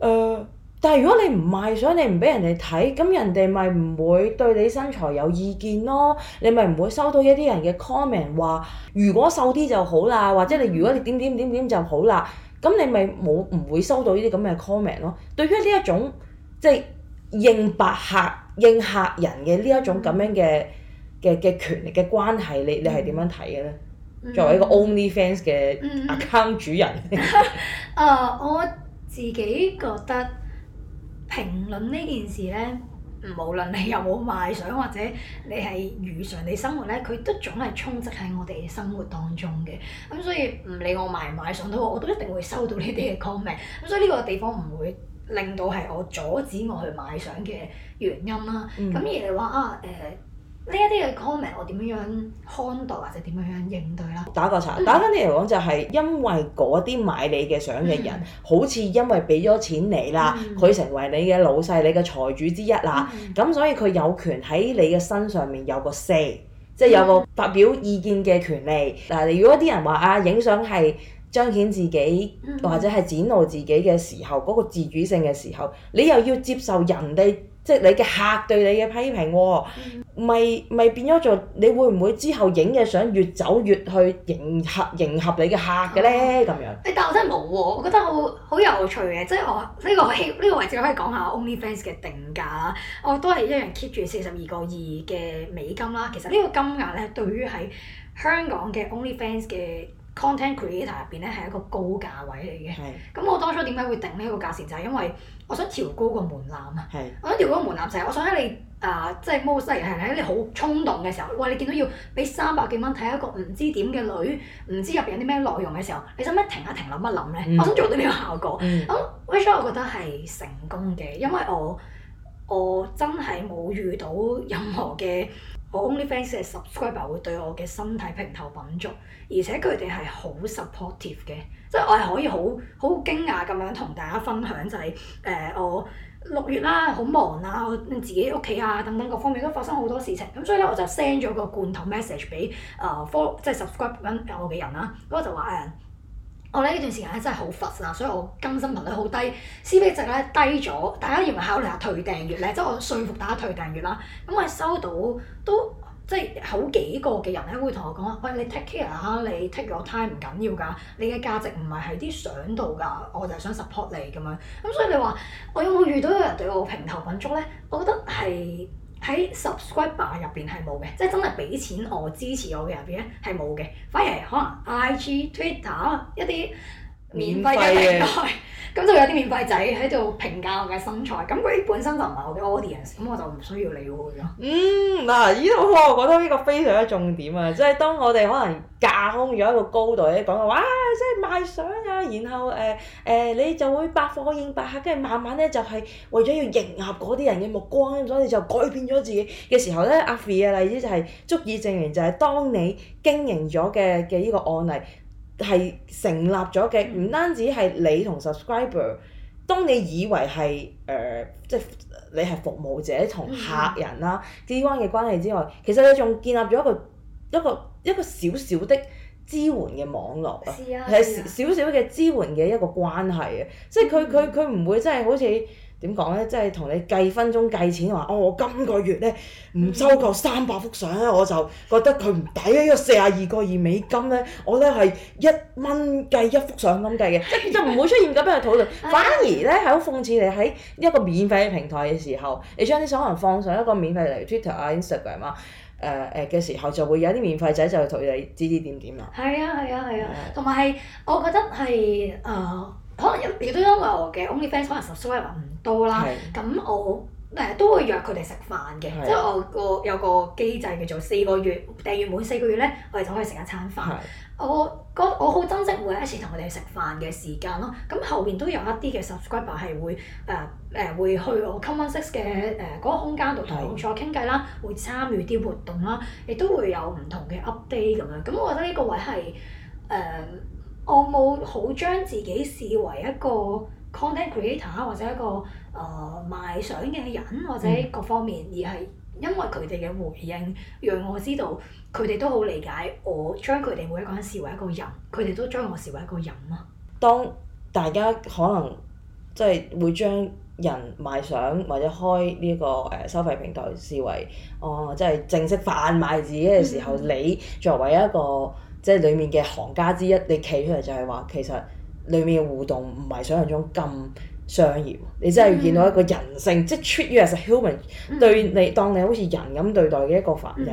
誒、呃？但係如果你唔賣相，你唔俾人哋睇，咁人哋咪唔會對你身材有意見咯。你咪唔會收到一啲人嘅 comment 話，如果瘦啲就好啦，或者你如果你點點點點就好啦，咁你咪冇唔會收到呢啲咁嘅 comment 咯。對於呢一種即係應白客應客人嘅呢一種咁樣嘅嘅嘅權力嘅關係，你你係點樣睇嘅呢？嗯、
作為一個
OnlyFans 嘅 account 主人、嗯嗯
哦，我自己覺得。評論呢件事咧，無論你有冇賣相或者你係如常你生活咧，佢都總係充斥喺我哋嘅生活當中嘅。咁所以唔理我賣唔賣相都好，我都一定會收到呢啲嘅 comment。咁所以呢個地方唔會令到係我阻止我去賣相嘅原因啦。咁、嗯、而係話啊，誒、呃。呢一啲嘅 comment 我點樣樣看待或者點樣樣應對啦？打
個岔，簡單啲嚟講就係因為嗰啲買你嘅相嘅人，嗯、好似因為俾咗錢你啦，佢、嗯、成為你嘅老細、你嘅財主之一啦，咁、嗯、所以佢有權喺你嘅身上面有個 say，即係有個發表意見嘅權利。嗱、嗯，但如果啲人話啊，影相係彰顯自己、嗯、或者係展露自己嘅時候嗰、嗰個自主性嘅時候，你又要接受人哋？即係你嘅客對你嘅批評喎，咪咪，嗯，變咗做你會唔會之後影嘅相越走越去迎合迎合你嘅客嘅咧咁樣？
但我真係冇喎，我覺得好好有趣嘅，即係我呢個希呢個位置可以講下 OnlyFans 嘅定價啦。我都係一樣 keep 住四十二個二嘅美金啦。其實呢個金額咧，對於喺香港嘅 OnlyFans 嘅 content creator 入邊咧，係一個高價位嚟嘅。係。咁我當初點解會定呢個價錢？就係因為。我想調高個門檻啊！是我想調高個門檻就係我想喺你啊、呃，即係 most 人喺你好衝動嘅時候，哇！你見到要俾三百幾蚊睇一個唔知點嘅女，唔知入邊有啲咩內容嘅時候，你使唔使停一停諗一諗咧？嗯、我想做到呢個效果。咁 which I 覺得係成功嘅，因為我我真係冇遇到任何嘅我 OnlyFans 嘅 subscriber 會對我嘅身體評頭品足，而且佢哋係好 supportive 嘅。即係我係可以好好驚訝咁樣同大家分享，就係、是、誒、呃、我六月啦，好忙啦，我自己屋企啊等等，等等各方面都發生好多事情，咁所以咧我就 send 咗個罐頭 message 俾誒即係 subscribe 緊我嘅人啦，咁我就話誒、呃、我咧呢段時間咧真係好佛啊，所以我更新頻率好低，CP 值咧低咗，大家要唔要考慮下退訂月退訂閱咧？即係我說服大家退訂月退訂閱啦，咁我收到都。即係好幾個嘅人咧，會同我講話，喂，你 take care 吓，你 take your time 唔緊要㗎，你嘅價值唔係喺啲相度㗎，我就係想 support 你咁樣。咁、嗯、所以你話，我有冇遇到有人對我評頭品足咧？我覺得係喺 subscriber 入邊係冇嘅，即係真係俾錢我支持我嘅入邊咧係冇嘅，反而係可能 IG、Twitter 一啲
免費嘅平
台，咁就有啲免費仔喺度評價我嘅身材，咁佢本身就唔係我嘅 audience，咁我就唔需要理
佢咯。嗯，嗱，呢度我覺得呢個非常之重點啊，即係當我哋可能架空咗一個高度咧講話，哇，即係賣相啊，然後誒誒，你就會百貨應百客，跟住慢慢咧就係為咗要迎合嗰啲人嘅目光，所以就改變咗自己嘅時候咧，阿 Fe 嘅例子就係足以證明就係當你經營咗嘅嘅呢個案例。係成立咗嘅，唔、嗯、單止係你同 subscriber。當你以為係誒，即、呃、係、就是、你係服務者同客人啦之間嘅關係之外，其實你仲建立咗一個一個一個，一個小小的支援嘅網絡啊！係少少嘅支援嘅一個關係啊！嗯、即係佢佢佢唔會真係好似。點講呢？即係同你計分鐘計錢話，哦，我今個月呢，唔收夠三百幅相咧，嗯、我就覺得佢唔抵啊！呢、呢個四十二個二美金呢，我呢係一蚊計一幅相咁計嘅，即係、嗯、就唔會出現咁樣嘅討論。嗯、反而呢，係好諷刺，你喺一個免費嘅平台嘅時候，你將啲相可能放上一個免費嚟 Twitter 啊、Instagram 啊，誒誒嘅時候，就會有啲免費仔就同你指指點點啦。
係啊係啊係啊！同埋係，我覺得係誒。嗯嗯可能有亦都因為我嘅 OnlyFans 可能 subscriber 唔多啦，咁是的 我誒、呃、都會約佢哋食飯嘅，是的 即係我個有個機制叫做四個月訂閲，每四個月咧，我哋就可以食一餐飯。是的 我嗰我好珍惜每一次同佢哋食飯嘅時間咯。咁後邊都有一啲嘅 subscriber 係會誒誒、呃呃、會去我 Common6、呃、嘅誒嗰個空間度同我再傾偈啦，好的 會參與啲活動啦，亦都會有唔同嘅 update 咁樣。咁我覺得呢個位係誒。呃我冇好將自己視為一個 content creator 或者一個誒賣、呃、相嘅人，或者各方面，嗯、而係因為佢哋嘅回應，讓我知道佢哋都好理解我將佢哋每一個人都視為一個人，佢哋都將我視為一個人啊！
當大家可能即係會將人賣相或者開呢個誒收費平台視為哦，即、就、係、是、正式販賣自己嘅時候，嗯、你作為一個即係裏面嘅行家之一，你企出嚟就係話，其實裏面嘅互動唔係想象中咁商業，你真係見到一個人性，mm hmm. 即係 treat you as a human，mm hmm. 對你當你好似人咁對待嘅一個反應，係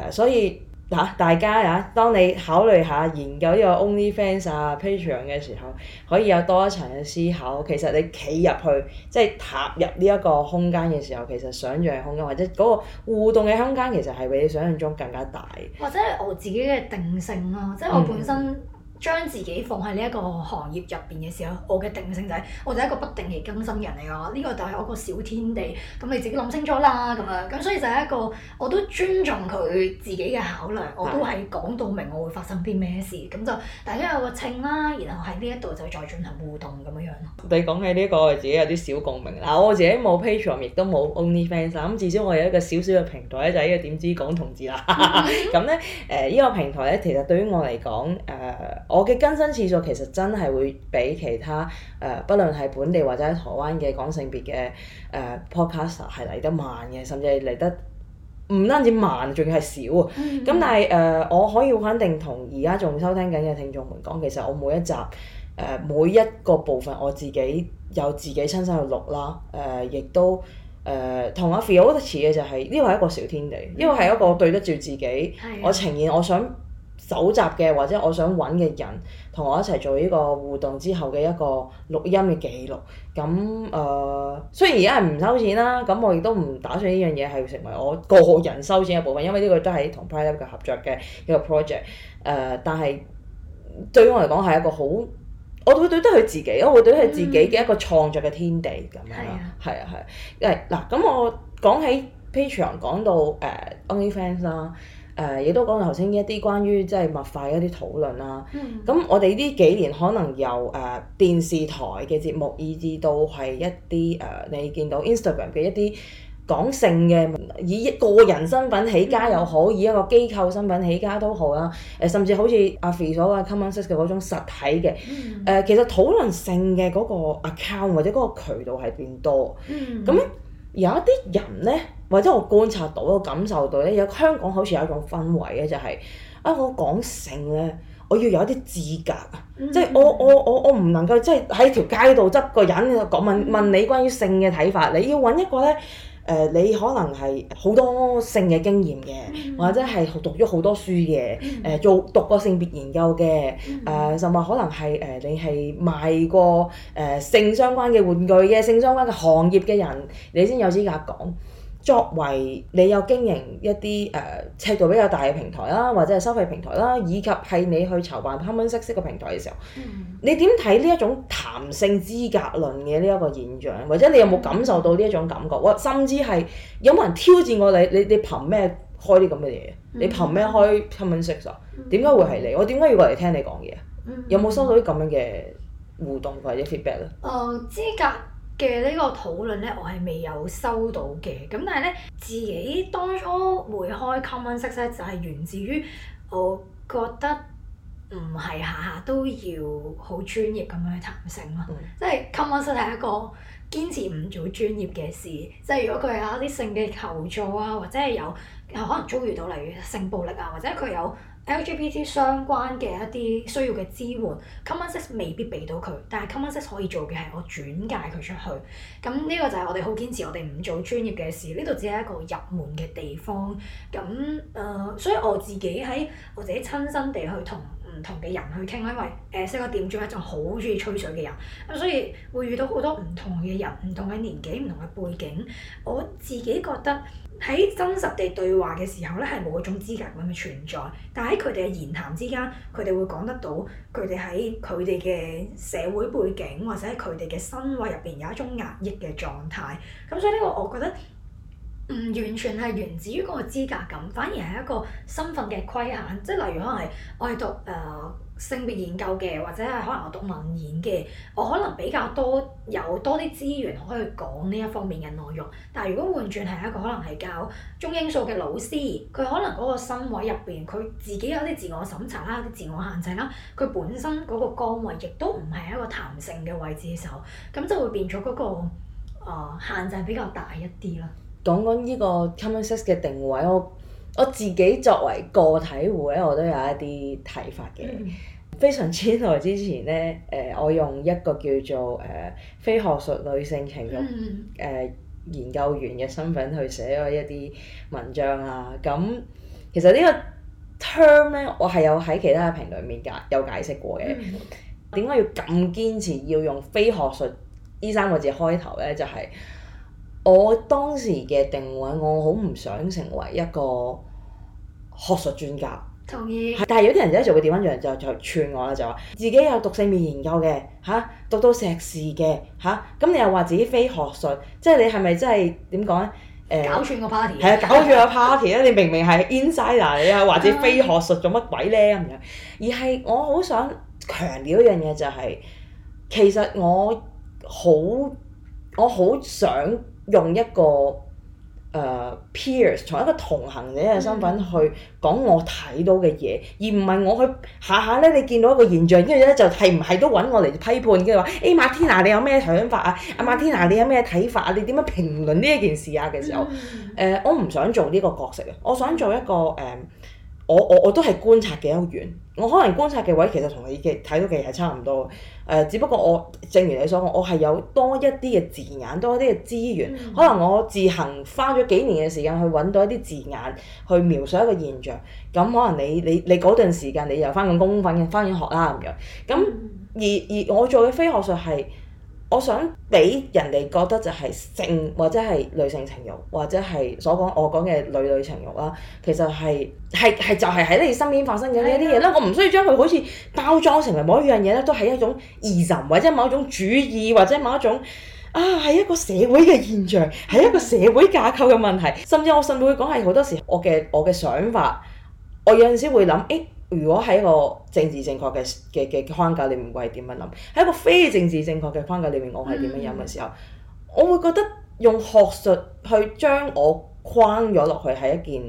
啊、mm hmm.，所以。嗱，大家啊，當你考慮下研究呢個 OnlyFans 啊、Patreon 嘅時候，可以有多一層嘅思考。其實你企入去，即係踏入呢一個空間嘅時候，其實想像嘅空間或者嗰個互動嘅空間，其實係比你想象中更加大。
或者我自己嘅定性咯、啊，即係我本身、嗯。將自己放喺呢一個行業入邊嘅時候，我嘅定性就係、是、我就係一個不定期更新嘅人嚟㗎。呢、這個就係我個小天地。咁你自己諗清楚啦，咁樣。咁所以就係一個我都尊重佢自己嘅考量，我都係講到明我會發生啲咩事。咁就大家有個稱啦，然後喺呢一度就再進行互動咁樣咯。
你講起呢、這個，我自己有啲小共鳴。嗱，我自己冇 Patreon，亦都冇 OnlyFans。咁至少我有一個小小嘅平台咧，就喺、是這個點知港同志啦。咁 咧， 誒、呃、呢、這個平台咧，其實對於我嚟講，誒、呃。我嘅更新次數其實真係會比其他誒、呃，不論係本地或者喺台灣嘅講性別嘅誒、呃、podcast 係嚟得慢嘅，甚至係嚟得唔單止慢，仲要係少啊。咁、mm hmm. 但係誒、呃，我可以好肯定同而家仲收聽緊嘅聽眾們講，其實我每一集誒、呃、每一個部分我自己有自己親身去錄啦。誒、呃，亦都誒同阿 Fe 好似嘅就係、是，呢個係一個小天地，呢個係一個對得住自己，Yeah. 我呈現我想搜集嘅或者我想揾嘅人，同我一齊做呢個互動之後嘅一個錄音嘅記錄。咁誒，雖然而家係唔收錢啦，咁我亦都唔打算呢樣嘢係成為我個人收錢嘅部分，因為呢個都係同 PrideLab 嘅合作嘅一個 project、呃。誒，但係對於我嚟講係一個好，我會對得佢自己，我會對得佢自己嘅一個創作嘅天地咁、嗯、樣。係啊，係啊，係、啊。嗱、啊，咁、啊、我講起 Patreon 講到誒 OnlyFans 啦。Uh, Only 誒，亦、呃、都講頭先一啲關於即係物化嘅一啲討論啦。咁、嗯、我哋呢幾年可能由誒、呃、電視台嘅節目，以至到係一啲誒、呃、你見到 Instagram 嘅一啲講性嘅，以個人身份起家又好，嗯、以一個機構身份起家都好啦。誒、呃，甚至好似阿 Fe 所講 Common6 嘅嗰種實體嘅誒、嗯呃，其實討論性嘅嗰個 account 或者嗰個渠道係變多。咁、嗯嗯、有一啲人呢。或者我觀察到，我感受到咧，有香港好似有一種氛圍咧，就係、是、啊、哎，我講性咧，我要有一啲資格啊、嗯嗯，即係我我我我唔能夠即係喺條街度執個人講問問你關於性嘅睇法，你要搵一個咧誒、呃，你可能係好多性嘅經驗嘅，嗯嗯、或者係讀咗好多書嘅，誒、呃、做讀過性別研究嘅，誒、呃、甚至可能係誒、呃、你係賣過誒性相關嘅玩具嘅，性相關嘅行業嘅人，你先有資格講。作為你有經營一啲誒、呃、尺度比較大嘅平台啦，或者係收費平台啦，以及係你去籌辦 TikTok 識嘅平台嘅時候，嗯、你點睇呢一種彈性資格論嘅呢一個現象？或者你有冇感受到呢一種感覺？我、嗯、甚至係有冇人挑戰過你？你你憑咩開啲咁嘅嘢？你憑咩開 TikTok 識點解會係你？我點解要嚟聽你講嘢？嗯嗯、有冇收到啲咁樣嘅互動或者 feedback 咧、嗯？
誒，資格。嘅呢個討論咧，我係未有收到嘅。咁但係咧，自己當初會開 Common6 咧，就係源自於我覺得唔係下下都要好專業咁樣去談性咯。嗯、即係 Common6 係一個堅持唔做專業嘅事。即係如果佢係有一啲性嘅求助啊，或者係有可能遭遇到例如性暴力啊，或者佢有。LGBT 相關嘅一啲需要嘅支援，Common6 未必俾到佢，但係 Common6 可以做嘅係我轉介佢出去。咁呢個就係我哋好堅持，我哋唔做專業嘅事，呢度只係一個入門嘅地方。咁誒、呃，所以我自己喺我自己親身地去同。唔同嘅人去傾啦，因為誒，呢、呃、個店主係一種好鍾意吹水嘅人，咁所以會遇到好多唔同嘅人，唔同嘅年紀，唔同嘅背景。我自己覺得喺真實地對話嘅時候咧，係冇一種資格咁嘅存在。但喺佢哋嘅言談之間，佢哋會講得到佢哋喺佢哋嘅社會背景或者喺佢哋嘅生活入邊有一種壓抑嘅狀態。咁所以呢個我覺得，唔完全係源自於嗰個資格感，反而係一個身份嘅規限。即係例如，可能係我係讀誒、呃、性別研究嘅，或者係可能我讀文研嘅，我可能比較多有多啲資源可以講呢一方面嘅內容。但係如果換轉係一個可能係教中英數嘅老師，佢可能嗰個身位入邊，佢自己有啲自我審查啦，有啲自我限制啦，佢本身嗰個崗位亦都唔係一個彈性嘅位置嘅時候，咁就會變咗嗰、那個、呃、限制比較大一啲
啦。講講呢個 Common 6嘅定位，我我自己作為個體戶咧，我都有一啲睇法嘅。嗯、非常之耐之前咧，誒、呃，我用一個叫做誒、呃、非學術女性情慾誒研究員嘅身份去寫咗一啲文章啊。咁、嗯、其實個呢個 term 咧，我係有喺其他嘅評論面噶，有解釋過嘅。點解、嗯、要咁堅持要用非學術呢三個字開頭咧？就係、是。我當時嘅定位，我好唔想成為一個學術專家。同意。但係有啲人一做會點樣樣、嗯、就就串我就話自己有讀性別研究嘅嚇、啊，讀到碩士嘅嚇，咁、啊、你又話自己非學術，即係你係咪真係點講咧？誒搞
串個 party 係啊，搞串
個 party 啦！啊、你明明係 insider 嚟啊，或者非學術做乜鬼咧咁樣？嗯、而係我好想強調一樣嘢、就係，就係其實我好我好想。用一個誒、uh, peers，從一個同行者嘅身份去講我睇到嘅嘢，mm hmm. 而唔係我去下下咧，你見到一個現象，跟住咧就係唔係都揾我嚟批判，跟住話誒馬天娜你有咩想法啊？阿馬天娜你有咩睇法啊？你點樣評論呢一件事啊？嘅時候，誒、mm hmm. 呃、我唔想做呢個角色啊，我想做一個誒。Um, 我我我都係觀察嘅一員，我可能觀察嘅位其實同你嘅睇到嘅係差唔多嘅、呃。只不過我正如你所講，我係有多一啲嘅字眼，多一啲嘅資源。可能我自行花咗幾年嘅時間去揾到一啲字眼，去描述一個現象。咁可能你你你嗰段時間你又翻緊功課，翻緊學啦咁樣。咁而而我做嘅非學術係。我想俾人哋覺得就係性或者係女性情慾或者係所講我講嘅女女情慾啦，其實係係係就係喺你身邊發生緊嘅一啲嘢啦。的我唔需要將佢好似包裝成為某一樣嘢咧，都係一種異人，或者某一種主義或者某一種啊，係一個社會嘅現象，係一個社會架構嘅問題，甚至我甚至會講係好多時我嘅我嘅想法，我有陣時會諗，誒、欸。如果喺一個政治正確嘅嘅嘅框架裡面，我係點樣諗？喺一個非政治正確嘅框架裡面，我係點樣諗嘅時候，我會覺得用學術去將我框咗落去係一件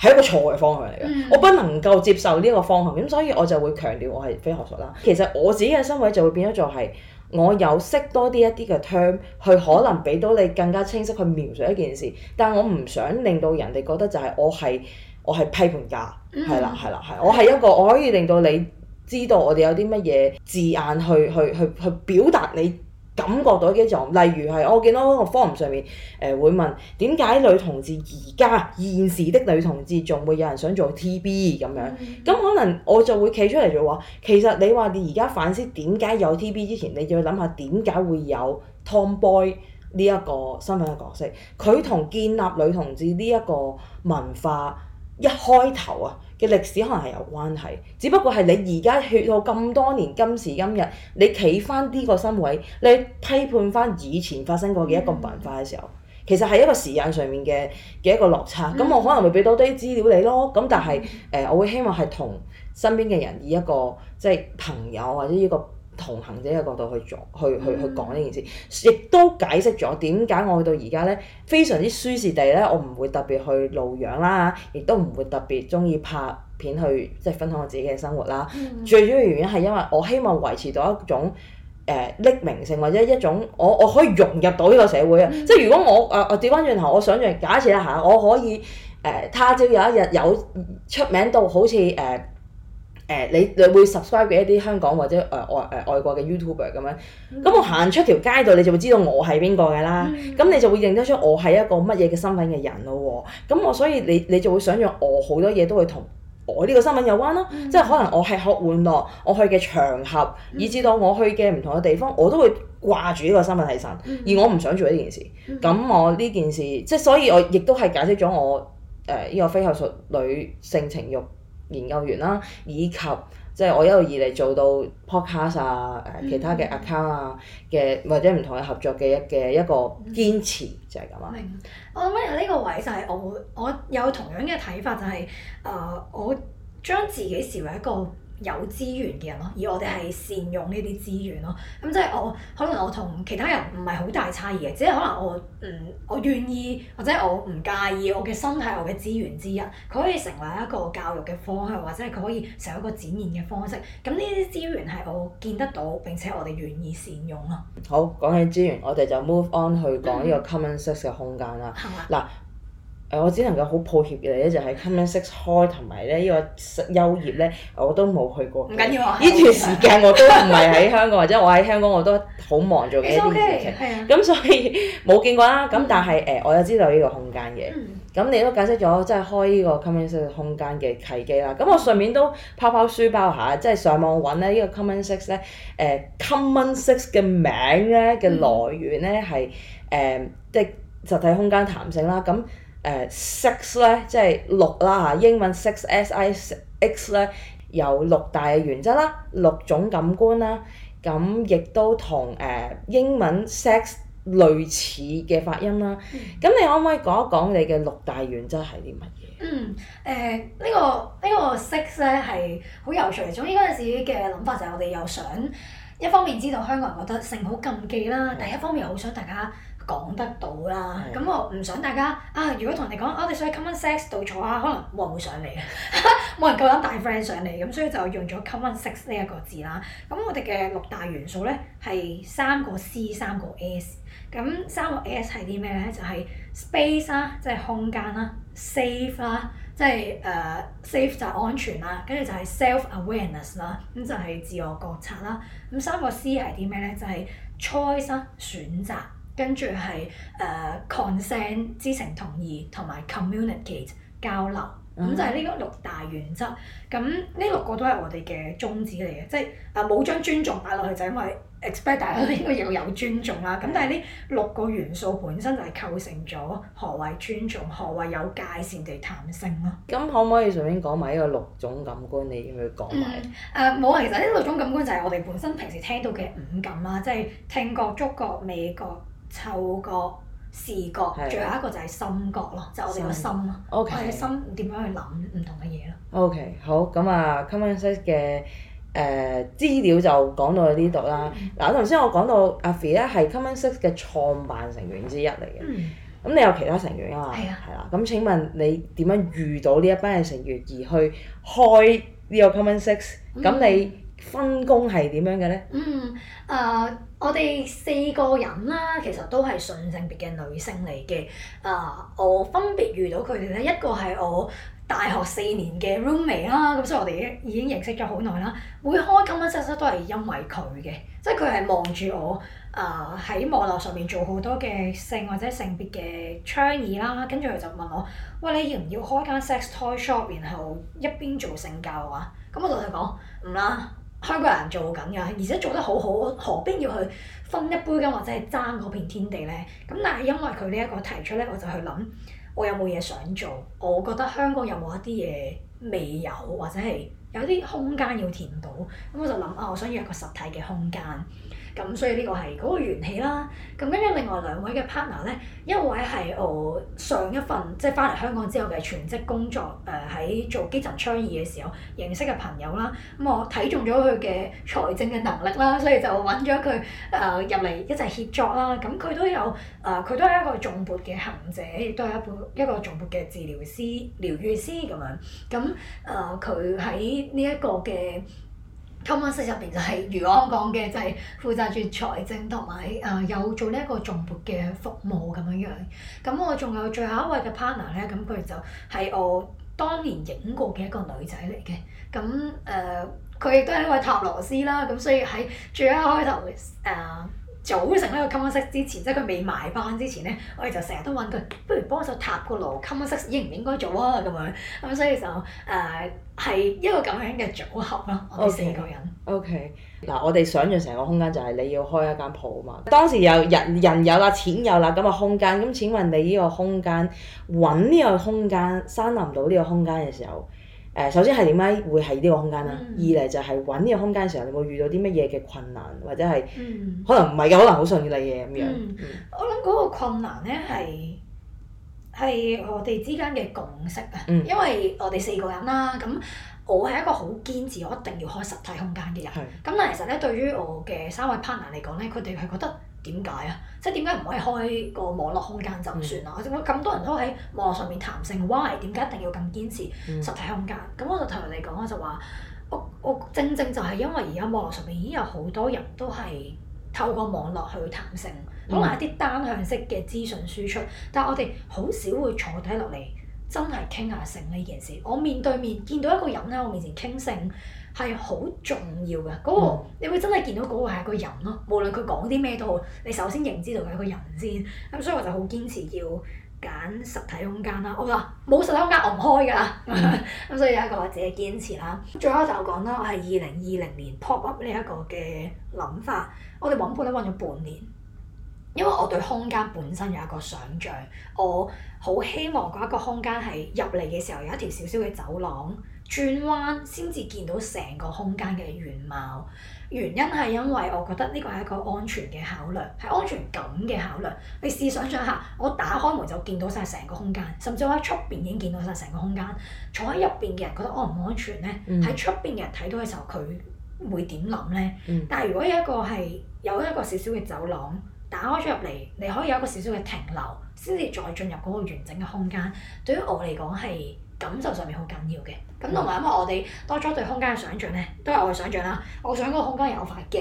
係一個錯嘅方向嚟嘅，嗯、我不能夠接受呢一個方向。咁所以我就會強調我係非學術啦。其實我自己嘅身位就會變咗做係我有識多啲一啲嘅 term，去可能俾到你更加清晰去描述一件事，但我唔想令到人哋覺得就係我係。我係批判家，係啦係啦係。我係一個我可以令到你知道我哋有啲乜嘢字眼去去去去表達你感覺到嘅狀況。例如係我見到個 form 上面誒、呃、會問點解女同志而家現時的女同志仲會有人想做 TB 咁樣？咁、嗯、可能我就會企出嚟就話，其實你話你而家反思點解有 TB 之前，你就要諗下點解會有 Tomboy 呢一個身份嘅角色。佢同建立女同志呢一個文化。一開頭啊嘅歷史可能係有關係，只不過係你而家去到咁多年，今時今日你企翻呢個身位，你批判翻以前發生過嘅一個文化嘅時候，嗯、其實係一個時間上面嘅嘅一個落差。咁、嗯、我可能會俾多啲資料你咯。咁但係誒、嗯呃，我會希望係同身邊嘅人以一個即係、就是、朋友或者呢個。同行者嘅角度去做，去去去講呢件事，mm hmm. 亦都解釋咗點解我去到而家呢，非常之舒適地呢。我唔會特別去露樣啦，亦都唔會特別中意拍片去即係分享我自己嘅生活啦。Mm hmm. 最主要原因係因為我希望維持到一種、呃、匿名性或者一種我我可以融入到呢個社會啊。Mm hmm. 即係如果我誒誒調翻轉頭，呃、我想象假設一下，我可以誒他朝有一日有，有出名到好似誒。呃呃誒，你你會 subscribe 一啲香港或者誒外誒外國嘅 YouTuber 咁樣，咁我行出條街度，你就會知道我係邊個嘅啦。咁你就會認得出我係一個乜嘢嘅身份嘅人咯喎。咁我所以你你就會想象我好多嘢都會同我呢個身份有關咯。即係可能我係學玩樂，我去嘅場合，以至到我去嘅唔同嘅地方，我都會掛住呢個身份喺身。而我唔想做呢件事，咁我呢件事，即係所以我亦都係解釋咗我誒呢、呃這個非口述女性情慾。研究員啦，以及即係我一路以嚟做到 podcast 啊，誒其他嘅 account 啊嘅、嗯、或者唔同嘅合作嘅一嘅一個堅持就係咁啊。明，
我諗翻喺呢個位就係我我有同樣嘅睇法、就係，就係誒我將自己視為一個有資源嘅人咯，而我哋係善用呢啲資源咯。咁即係我可能我同其他人唔係好大差異嘅，只係可能我嗯我願意或者我唔介意我嘅身體我嘅資源之一，佢可以成為一個教育嘅方向，或者係佢可以成為一個展現嘅方式。咁呢啲資源係我見得到並且我哋願意善用咯。
好，講起資源，我哋就 move on 去講呢個 Common 6嘅空間啦。係嘛、嗯？嗱。誒，我只能夠好抱歉嘅咧，就係 Common Six 開同埋咧呢個休業咧，我都冇去過。唔緊要，呢段時間我都唔係喺香港，或者 我喺香港我都好忙做嘅一啲事情，咁 's、okay, 所以冇、嗯、見過啦。咁但係誒，嗯、我有知道呢個空間嘅。咁、嗯、你都解釋咗即係開呢個 Common Six 空間嘅契機啦。咁我順便都拋拋書包下，即係上網揾咧呢、這個呢、呃、Common Six 咧誒 Common Six 嘅名咧嘅來源咧係誒即係實體空間談性啦。咁、嗯嗯嗯誒、uh, sex 咧，即係六啦嚇，英文 sex s i x x 咧有六大嘅原則啦，六種感官啦，咁亦都同誒、uh, 英文 sex 類似嘅發音啦。咁、嗯、你可唔可以講一講你嘅六大原則係啲乜嘢？嗯，誒、呃這個
這個、呢個呢個 sex 咧係好有趣嘅。總之嗰時嘅諗法就係我哋又想一方面知道香港人覺得性好禁忌啦，嗯、但一方面又好想大家。講得到啦，咁、嗯、我唔想大家啊，如果同、啊、你哋講我哋想喺 common sex 度坐下，可能冇人會上嚟嘅，冇 人夠膽帶 friend 上嚟咁，所以就用咗 common sex 呢一個字啦。咁我哋嘅六大元素咧係三個 C 三個 S。咁三個 S 係啲咩咧？就係、是、space 啦、啊，即、就、係、是、空間啦、啊、safe 啦、啊，即係誒 safe 就係安全啦、啊，跟住就係 self awareness 啦、啊，咁就係、是、自我覺察啦、啊。咁三個 C 係啲咩咧？就係、是、choice 啦、啊，選擇。跟住係誒 consent，知情同意，同埋 communicate 交流，咁、嗯、就係呢個六大原則。咁呢六個都係我哋嘅宗旨嚟嘅，即係啊冇將尊重擺落去就因為 expect 大家都應該要有尊重啦。咁 但係呢六個元素本身就係構成咗何為尊重，何為有界線地談性咯。
咁可唔可以順便講埋呢個六種感官？你應該講埋？
誒冇啊，其實呢六種感官就係我哋本身平時聽到嘅五感啦，即係聽覺、觸覺、味覺。嗅覺、視覺，最後一個就係心覺咯，就
係我哋個心咯。O K，我哋嘅心點樣去諗唔同嘅嘢咯？O K，好咁啊，Common6 嘅誒資料就講到呢度啦。嗱，頭先我講到阿 Fe 咧係 Common6 嘅創辦成員之一嚟嘅，咁你有其他成員啊嘛？係啊，係啦。咁請問你點樣遇到呢一班嘅成員而去開呢個 Common6？咁你？分工係點樣嘅咧？嗯，
誒、呃，我哋四個人啦，其實都係順性別嘅女性嚟嘅。誒、呃，我分別遇到佢哋咧，一個係我大學四年嘅 roommate 啦、啊，咁、嗯、所以我哋已已經認識咗好耐啦。會開咁樣，其實都係因為佢嘅，即係佢係望住我誒喺、呃、網絡上面做好多嘅性或者性別嘅倡議啦。跟住佢就問我：喂，你要唔要開間 sex toy shop？然後一邊做性教啊？咁我同佢講：唔、嗯、啦。啊香港人做緊㗎，而且做得好好，何必要去分一杯羹或者係爭嗰片天地咧？咁但係因為佢呢一個提出咧，我就去諗，我有冇嘢想做？我覺得香港有冇一啲嘢未有，或者係有啲空間要填補，咁我就諗啊，我想要一個實體嘅空間。咁所以呢個係嗰個元氣啦。咁跟住另外兩位嘅 partner 咧，一位係我上一份即係翻嚟香港之後嘅全職工作，誒、呃、喺做基層倡議嘅時候認識嘅朋友啦。咁我睇中咗佢嘅財政嘅能力啦，所以就揾咗佢誒入嚟一齊協作啦。咁佢都有誒，佢、呃、都係一個頌缽嘅行者，亦都係一本一個頌缽嘅治療師、療癒師咁樣。咁誒，佢喺呢一個嘅。Common6 入邊就係如我所講嘅，就係負責住財政同埋誒有做呢一個重撥嘅服務咁樣樣。咁我仲有最後一位嘅 partner 咧，咁佢就係我當年影過嘅一個女仔嚟嘅。咁誒，佢亦都係一位塔羅師啦。咁所以喺最一開頭誒。Uh, 組成喺個 couple 室之前，即係佢未埋單之前呢，我哋就成日都問佢，不如幫手踏個路，couple 室應唔應該做啊？咁樣，咁所以就誒係、呃、一個咁樣嘅組合咯，我哋四個人。O K，
嗱，我哋想象成個空間就係你要開一間鋪嘛。當時有人人有啦，錢有啦，咁啊空間，咁請問你呢個空間揾呢個空間，山林到呢個空間嘅時候？誒，首先係點解會係呢個空間啦？二嚟、嗯、就係揾呢個空間嘅時候，你會遇到啲乜嘢嘅困難，或者係可能唔係嘅，可能好順利嘅咁樣。
嗯嗯、我諗嗰個困難咧係係我哋之間嘅共識啊，嗯、因為我哋四個人啦，咁我係一個好堅持，我一定要開實體空間嘅人。咁咧是，但其實咧，對於我嘅三位 partner 嚟講咧，佢哋係覺得。點解啊？即係點解唔可以開個網絡空間就算啦？點解咁多人都喺網絡上面談性？Why？點解一定要咁堅持實體空間？咁、嗯、我就同佢哋講我就話：我我正正就係因為而家網絡上面已經有好多人都係透過網絡去談性，可能係一啲單向式嘅資訊輸出，嗯、但係我哋好少會坐低落嚟真係傾下性呢件事。我面對面見到一個人喺我面前傾性，係好重要嘅嗰、嗰個，嗯、你會真係見到嗰個係個人咯。無論佢講啲咩都好，你首先認知道佢係個人先。咁所以我就好堅持要揀實體空間啦。我話冇實體空間我唔開㗎啦。咁、嗯、 所以有一個我自己堅持啦。最後就講啦，我係二零二零年 pop up 呢一個嘅諗法。我哋揾鋪都揾咗半年，因為我對空間本身有一個想像，我好希望嗰一個空間係入嚟嘅時候有一條少少嘅走廊。轉彎先至見到成個空間嘅原貌，原因係因為我覺得呢個係一個安全嘅考量，係安全感嘅考量。你試想想下，我打開門就見到晒成個空間，甚至我喺出邊已經見到晒成個空間。坐喺入邊嘅人覺得安唔安全咧？喺出邊嘅人睇到嘅時候，佢會點諗咧？但係如果有一個係有一個少少嘅走廊，打開咗入嚟，你可以有一個少少嘅停留，先至再進入嗰個完整嘅空間。對於我嚟講係。感受上面好緊要嘅。咁同埋因為我哋多咗對空間嘅想象咧，都係我嘅想象啦。我想嗰個空間有塊鏡，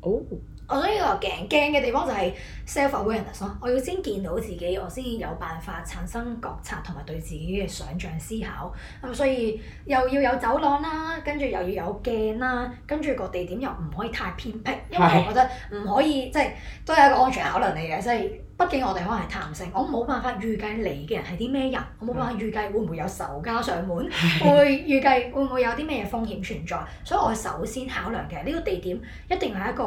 哦、oh，我想呢個鏡鏡嘅地方就係 self awareness 咯。Aware ness, 我要先見到自己，我先有辦法產生覺察同埋對自己嘅想象思考。咁所以又要有走廊啦，跟住又要有鏡啦，跟住個地點又唔可以太偏僻，因為我覺得唔可以 Yes. 即係都係一個安全考慮嚟嘅先。所以畢竟我哋可能係談性，我冇辦法預計你嘅人係啲咩人，我冇辦法預計會唔會有仇家上門， 會預計會唔會，會有啲咩風險存在，所以我首先考量嘅呢個地點一定係一個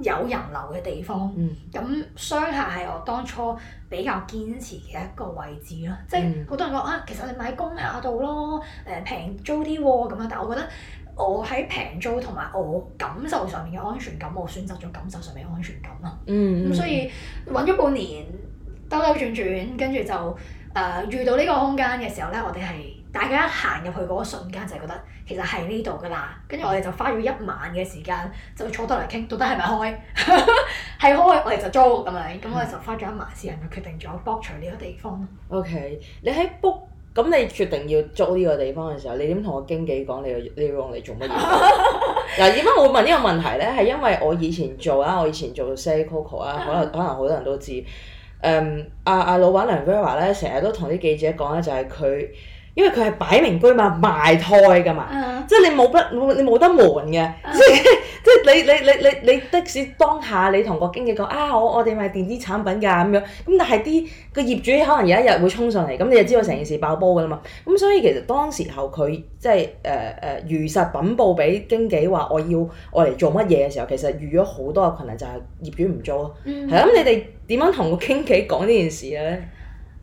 有人流嘅地方。咁商廈係我當初比較堅持嘅一個位置咯。即係好多人講啊，其實你買工廈度咯，誒、呃、平租啲喎咁啊，但係我覺得。我喺平租同埋我感受上面嘅安全感，我選擇咗感受上面嘅安全感咯。嗯、mm，咁、hmm。所以揾咗半年兜兜轉轉，跟住就誒、呃、遇到呢個空間嘅時候咧，我哋係大家一行入去嗰個瞬間就覺得其實係呢度㗎喇。跟住我哋就花咗一晚嘅時間就坐低嚟傾，到底係咪開？係 開，我哋就租咁樣。咁我哋就花咗一晚時間就決定咗 book 咗呢個地方咯。OK，
你喺 book。咁你決定要租呢個地方嘅時候，你點同我經紀講？你你用嚟做乜嘢？嗱，點解我會問呢個問題咧？係因為我以前做啊，我以前做 Say Coco 啊，可能可能好多人都知。誒、um, 啊，阿、啊、阿老闆梁威華咧，成日都同啲記者講咧，就係佢。因為佢係擺明居嘛，賣胎噶嘛，uh, 即係你冇得，你冇得瞞嘅，uh, 即係即係你你你你，即使當下你同個經紀講啊，我我哋賣電子產品噶咁樣，咁但係啲個業主可能有一日會衝上嚟，咁你就知道成件事爆煲噶啦嘛。咁所以其實當時候佢即係誒誒如實禀報俾經紀話，我要我嚟做乜嘢嘅時候，其實遇咗好多嘅困難，就係業主唔租。係咁、uh，huh. 你哋點樣同個經紀講呢件事嘅咧？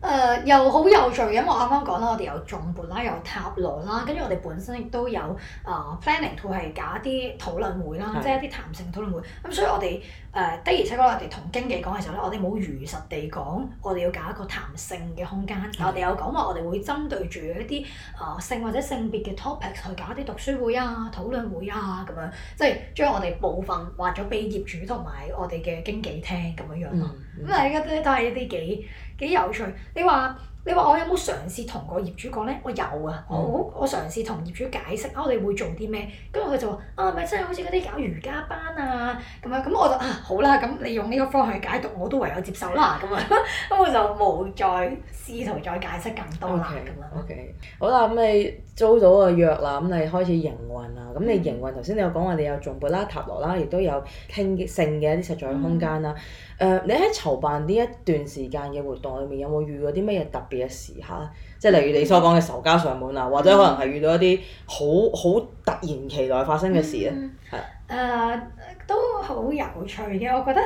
誒、呃、又好有趣，因為我啱啱講啦，我哋有頌缽啦，有塔羅啦，跟住我哋本身亦都有啊、呃、planning to 係搞一啲討論會啦，即係一啲談性討論會。咁是、嗯、所以我哋誒的而且確，我哋同經紀講嘅時候咧，我哋冇如實地講，我哋要搞一個談性嘅空間。是 我哋有講話，我哋會針對住一啲啊、呃、性或者性別嘅 topic 去 to 搞一啲讀書會啊、討論會啊咁樣，即係將我哋部分話咗俾業主同埋我哋嘅經紀聽咁樣樣咯。咁啊、嗯，依家都都係一啲幾～、嗯嗯幾有趣，你話。你話我有冇嘗試同個業主講咧？我有啊，嗯、我我嘗試同業主解釋、啊，我哋會做啲咩？跟住佢就話：啊，咪真係好似嗰啲搞瑜伽班啊，咁樣咁我就啊好啦，咁你用呢個方向去解讀，我都唯有接受啦咁啊，咁我就冇再試圖再解釋更多啦咁啊。OK，OK、
嗯、好啦，咁你租咗個約啦，咁你開始營運啦。咁你營運頭先、嗯、你，你有講話你有做布啦塔羅啦，亦都有傾性嘅一啲實體空間啦。誒、嗯，uh, 你喺籌辦呢一段時間嘅活動裏面，有冇遇過啲乜嘢特別？嘅事嚇，即係例如你所講嘅仇家上門啊，或者可能係遇到一啲好好突然其來發生嘅事咧？係啊、嗯，
是 uh, 都好有趣嘅，我覺得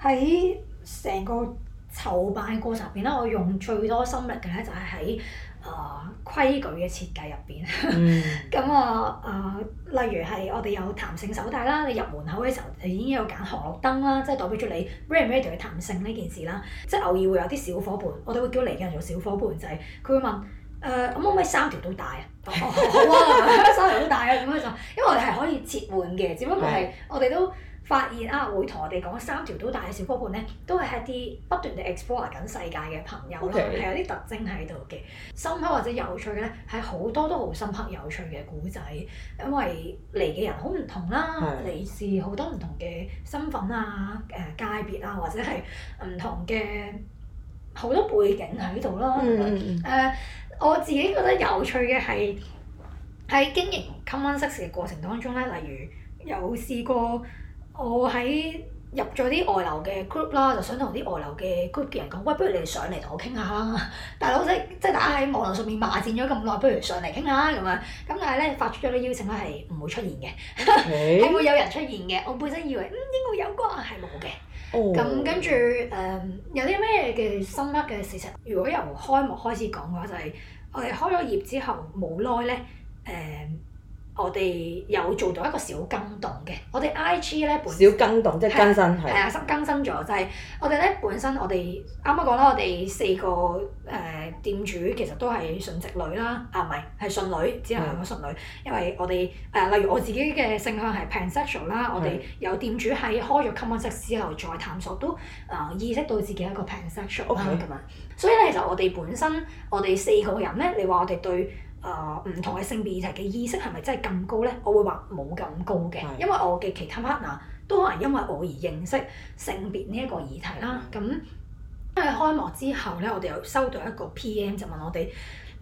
喺成個籌辦過程入邊咧，我用最多心力嘅咧就係喺。啊規矩嘅設計入邊，咁啊、嗯、啊，例如係我哋有彈性手帶啦，你入門口嘅時候就已經有揀紅綠燈啦，即係代表住你 ready 唔 ready 嘅彈性呢件事啦。即係偶爾會有啲小伙伴，我哋會叫嚟嘅人做小伙伴仔，佢、就係、會問誒，咁、呃嗯、可唔可以三條都戴啊、 哦？好啊，三條都戴啊！咁樣就因為我哋係可以切換嘅，只不過係我哋都。嗯發現啊，會同我哋講三條都大嘅小朋伴咧，都係一啲不斷地 explore 緊世界嘅朋友咯，係 Okay. 有啲特徵喺度嘅，深刻或者有趣嘅咧，係好多都好深刻有趣嘅古仔，因為嚟嘅人好唔同啦，嚟 Yeah. 自好多唔同嘅身份啊、誒界別啊，或者係唔同嘅好多背景喺度咯。誒、mm hmm. 呃，我自己覺得有趣嘅係喺經營 Common6 嘅過程當中咧，例如有試過。我喺入咗啲外流嘅 group 啦，就想同啲外流嘅 group 嘅人講，喂，不如你哋上嚟同我傾下啦。大佬即即係大家喺網絡上面罵戰咗咁耐，不如上嚟傾下咁樣。咁但係咧發出咗嘅邀請咧，係唔會出現嘅，係 Okay. 會有人出現嘅。我本身以為嗯，應該有啩，係冇嘅。咁跟住誒有啲咩嘅深刻嘅事實？如果由開幕開始講嘅話，就係、是、我哋開咗業之後冇耐咧誒。我哋有做到一個小更動嘅，我哋 I G 咧本
身小更動是即係更新係係啊，
新更新咗就係、是、我哋咧本身，我哋啱啱講啦，我哋四個誒、呃、店主其實都係純直女啦，啊唔係係純女，只能講信女，因為我哋誒、呃、例如我自己嘅性向係 pansexual 啦是，我哋有店主喺開咗 Common 6之後再探索都啊、呃、意識到自己一個 pansexual 咁樣是，okay. 所以咧其實我哋本身我哋四個人咧，你話我哋對。誒、呃、唔同嘅性別議題嘅意識係咪真係咁高咧？我會話冇咁高嘅，的因為我嘅其他 partner 都可能因為我而認識性別呢一個議題啦。咁的因為開幕之後咧，我哋又收到一個 PM 就問我哋。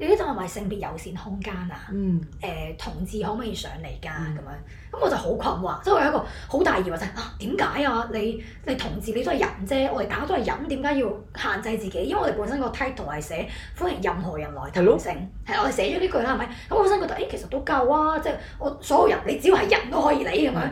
你啲就係咪性別友善空間啊？誒、嗯呃，同志可唔可以上嚟㗎？咁、嗯、樣咁我就好困惑，即我有一個好大疑惑就係、是、啊點解啊你你同志你都係人啫，我哋大家都係人，點解要限制自己？因為我哋本身個 title 係寫歡迎任何人來談性，係 Hello? 我哋寫咗呢句啦，係咪？咁我本身覺得誒、哎、其實都夠啊，即係我所有人，你只要係人都可以嚟咁樣。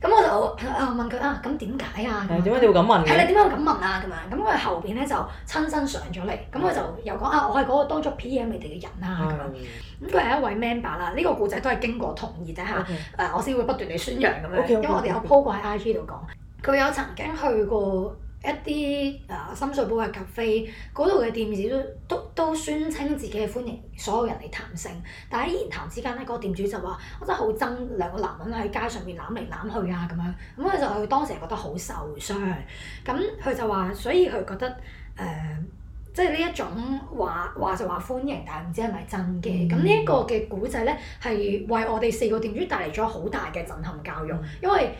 咁我就啊問佢啊，咁點解啊？係點
解你咁問嘅？係你點
解要咁問啊？咁樣咁佢後邊咧就親身上咗嚟，咁佢、嗯、就又講啊，我係嗰個當初 PM 你哋嘅人啦咁樣。
咁
佢係一位 member 啦，呢個故仔都係經過同意啫嚇，誒 Okay.、啊、我先會不斷地宣揚咁樣，okay, okay, okay, 因為我哋有 po 過喺 IG 度講。佢 okay, okay. 有曾經去過。一啲啊深水埗嘅咖啡，嗰度嘅店主都都都宣稱自己係歡迎所有人嚟談性，但係喺言談之間咧，嗰、那個店主就話：我真係好憎兩個男人喺街上面攬嚟攬去啊咁樣，咁佢就佢當時係覺得好受傷，咁佢就話，所以佢覺得誒，即係呢一種話話就話歡迎，但係唔知係咪真嘅。咁、嗯、呢一個嘅古仔咧，係為我哋四個店主帶嚟咗好大嘅震撼教育，嗯、因為。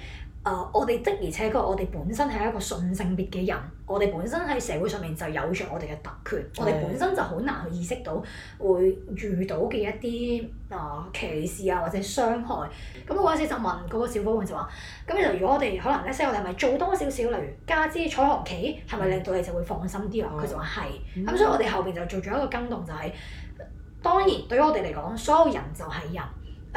啊！Uh, 我哋的而且確，我哋本身係一個順性別嘅人，我哋本身喺社會上面就有著我哋嘅特權，的我哋本身就好難去意識到會遇到嘅一啲啊、呃、歧視啊或者傷害。咁、嗯、嗰陣時就問嗰個小夥伴就話：咁例如如果我哋可能咧，即我哋係咪做多少少，例如加支彩虹旗，係咪令到你就會放心啲啊？佢、嗯、就話係。咁、嗯、所以我哋後邊就做咗一個更動，就係、是、當然對於我哋嚟講，所有人就係人。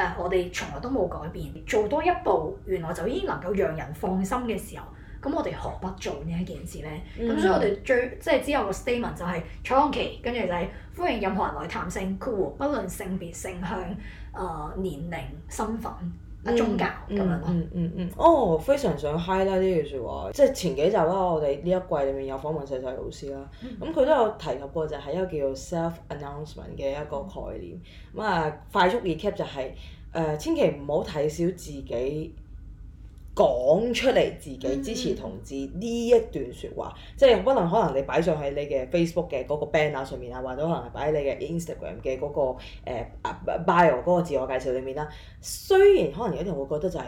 誒，uh, 我哋從來都冇改變，做多一步，原來就已經能夠讓人放心嘅時候，咁我哋何不做呢一件事咧？咁所以我哋最即係只有個 statement 就係、是：彩虹旗，跟住就係歡迎任何人來探性姑，不論性別、性向、誒、呃、年齡、身份。宗教
咁樣咯，哦非常想 high 啦呢句説話，即係前幾集啦，我哋呢一季裏面有訪問細細老師啦，咁佢都有提及過就係一個叫做 self-announcement 嘅一個概念，咁啊快速 recap 就係誒千祈唔好睇小自己。講出嚟自己支持同志呢一段説話，即係可能可能你擺上喺你嘅 Facebook 嘅嗰個 banner 上面啊，或者可能係擺喺你嘅 Instagram 嘅嗰、嗰個誒、呃、bio 嗰個自我介紹裡面啦。雖然可能有啲人會覺得就係、係。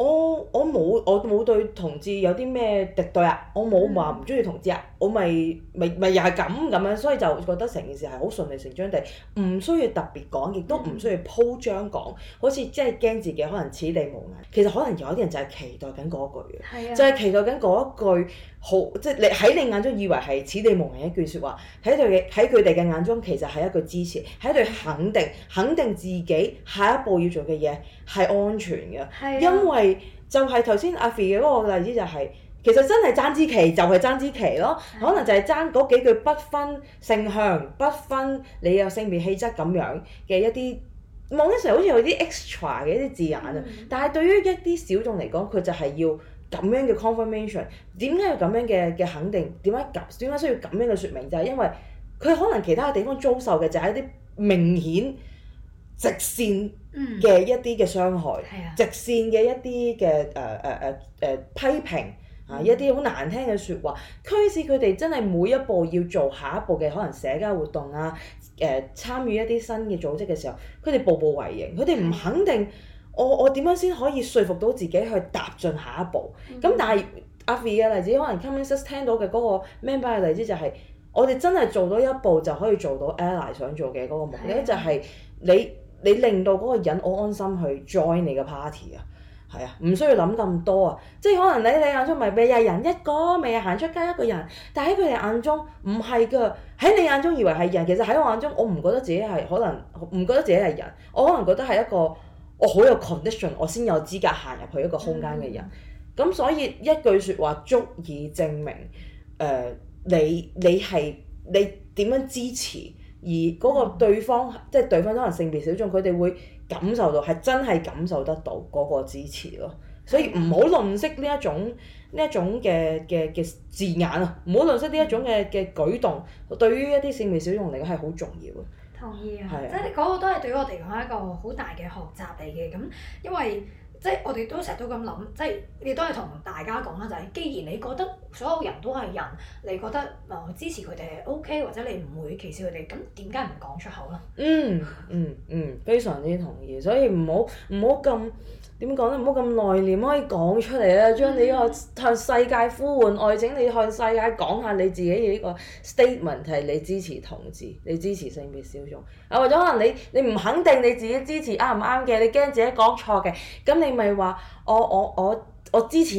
我我冇我冇對同志有啲咩敵對啊！我冇話唔中意同志啊！我咪咪咪又係咁咁樣，所以就覺得成件事係好順理成章地，唔需要特別講，亦都唔需要鋪張講，好似即係驚自己可能此地無銀。其實可能有啲人就係期待緊嗰一句嘅，就係期待緊嗰一句。係啊。好，即係你喺你眼中以為係此地無銀一句説話，喺對嘅喺佢哋嘅眼中其實係一句支持，係一對肯定，肯定自己下一步要做嘅嘢係安全嘅，的因為就係頭先阿菲嘅嗰個例子就係、是、其實真係爭之期就係爭之期咯，的可能就係爭嗰幾句不分性向、不分你性氣質有性別氣質咁樣嘅一啲望起上嚟好似有啲 extra 嘅一啲字眼啊，的但係對於一啲小眾嚟講，佢就係要。咁樣嘅 confirmation，點解要咁樣嘅嘅肯定？點解咁點解需要咁樣嘅説明？就係、是、因為佢可能其他地方遭受嘅就係一啲明顯直線嘅一啲嘅傷害，嗯、直線嘅一啲嘅誒誒誒誒批評啊，嗯、一啲好難聽嘅説話，驅使佢哋真係每一步要做下一步嘅可能社交活動啊，誒、呃、參與一啲新嘅組織嘅時候，佢哋步步為營，佢哋唔肯定。我我點樣先可以說服到自己去踏進下一步？咁、mm hmm. 但係阿 Fe 嘅例子，可能 Common 6聽到嘅嗰個 member 嘅例子就係、是，我哋真係做到一步就可以做到 Ali 想做嘅嗰個夢咧，Yeah. 就係你你令到嗰個人我安心去 join 你嘅 party 啊，係啊，唔需要諗咁多啊，即係可能喺你，你眼中咪咪係人一個，咪係行出街一個人，但喺佢哋眼中唔係㗎，喺你眼中以為係人，其實喺我眼中我唔覺得自己係可能唔覺得自己係人，我可能覺得係一個。我、哦、好有 condition，我先有資格行入去一個空間嘅人。咁、嗯、所以一句説話足以證明，誒、呃、你你係你點樣支持，而嗰個對方即係、就是、對方可能性別小眾，佢哋會感受到係真係感受得到嗰個支持咯。所以唔好吝嗇呢一種呢一種嘅嘅嘅字眼啊，唔好吝嗇呢一種嘅嘅舉動，對於一啲性別小眾嚟講係好重要嘅。
同意啊！是啊、即係嗰個都係對我哋講一個好大嘅學習嚟嘅，咁因為。即係我哋都成日都咁諗，即係你都係同大家講啦，就係、是、既然你覺得所有人都係人，你覺得啊支持佢哋係 O K，或者你唔會歧視佢哋，咁點解唔講出口咧、嗯？
嗯嗯嗯，非常之同意，所以唔好唔好咁點講咧，唔好咁內斂可以講出嚟咧，將你個向世界呼喚愛情，你向世界講下你自己嘅呢個 statement，係你支持同志，你支持性別小眾，啊，或者可能你你唔肯定你自己支持啱唔啱嘅，你驚自己講錯嘅，咁你？你咪話我我我我支持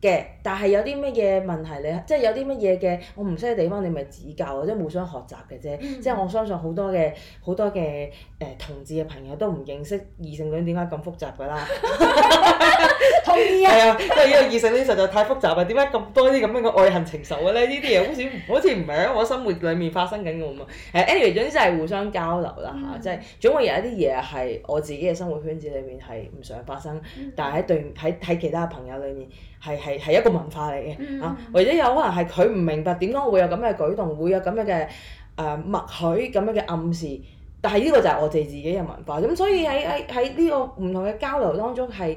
嘅，但係有啲乜嘢問題，你即係有啲乜嘢嘅，我唔識嘅地方，你咪指教，即係互相學習嘅啫。 即係我相信好多嘅，好多嘅。誒同志嘅朋友都唔認識異性戀點解咁複雜㗎啦？ 同意啊！係啊， 因為異性戀實在太複雜啦，點解咁多啲咁樣嘅愛恨情仇嘅咧？呢啲嘢好似 好似唔係喺我生活裡面發生緊咁啊！anyway 總之係互相交流啦嚇，即係、嗯啊就係、總會有一啲嘢係我自己嘅生活圈子裡面係唔想發生，嗯、但係喺對喺喺其他朋友裡面係係係一個文化嚟嘅啊，嗯、或者有可能係佢唔明白點解我會有咁嘅舉動，會有咁樣嘅誒默許咁樣嘅暗示。係呢個就係我哋自己嘅文化，咁所以喺喺喺呢個唔同嘅交流當中，係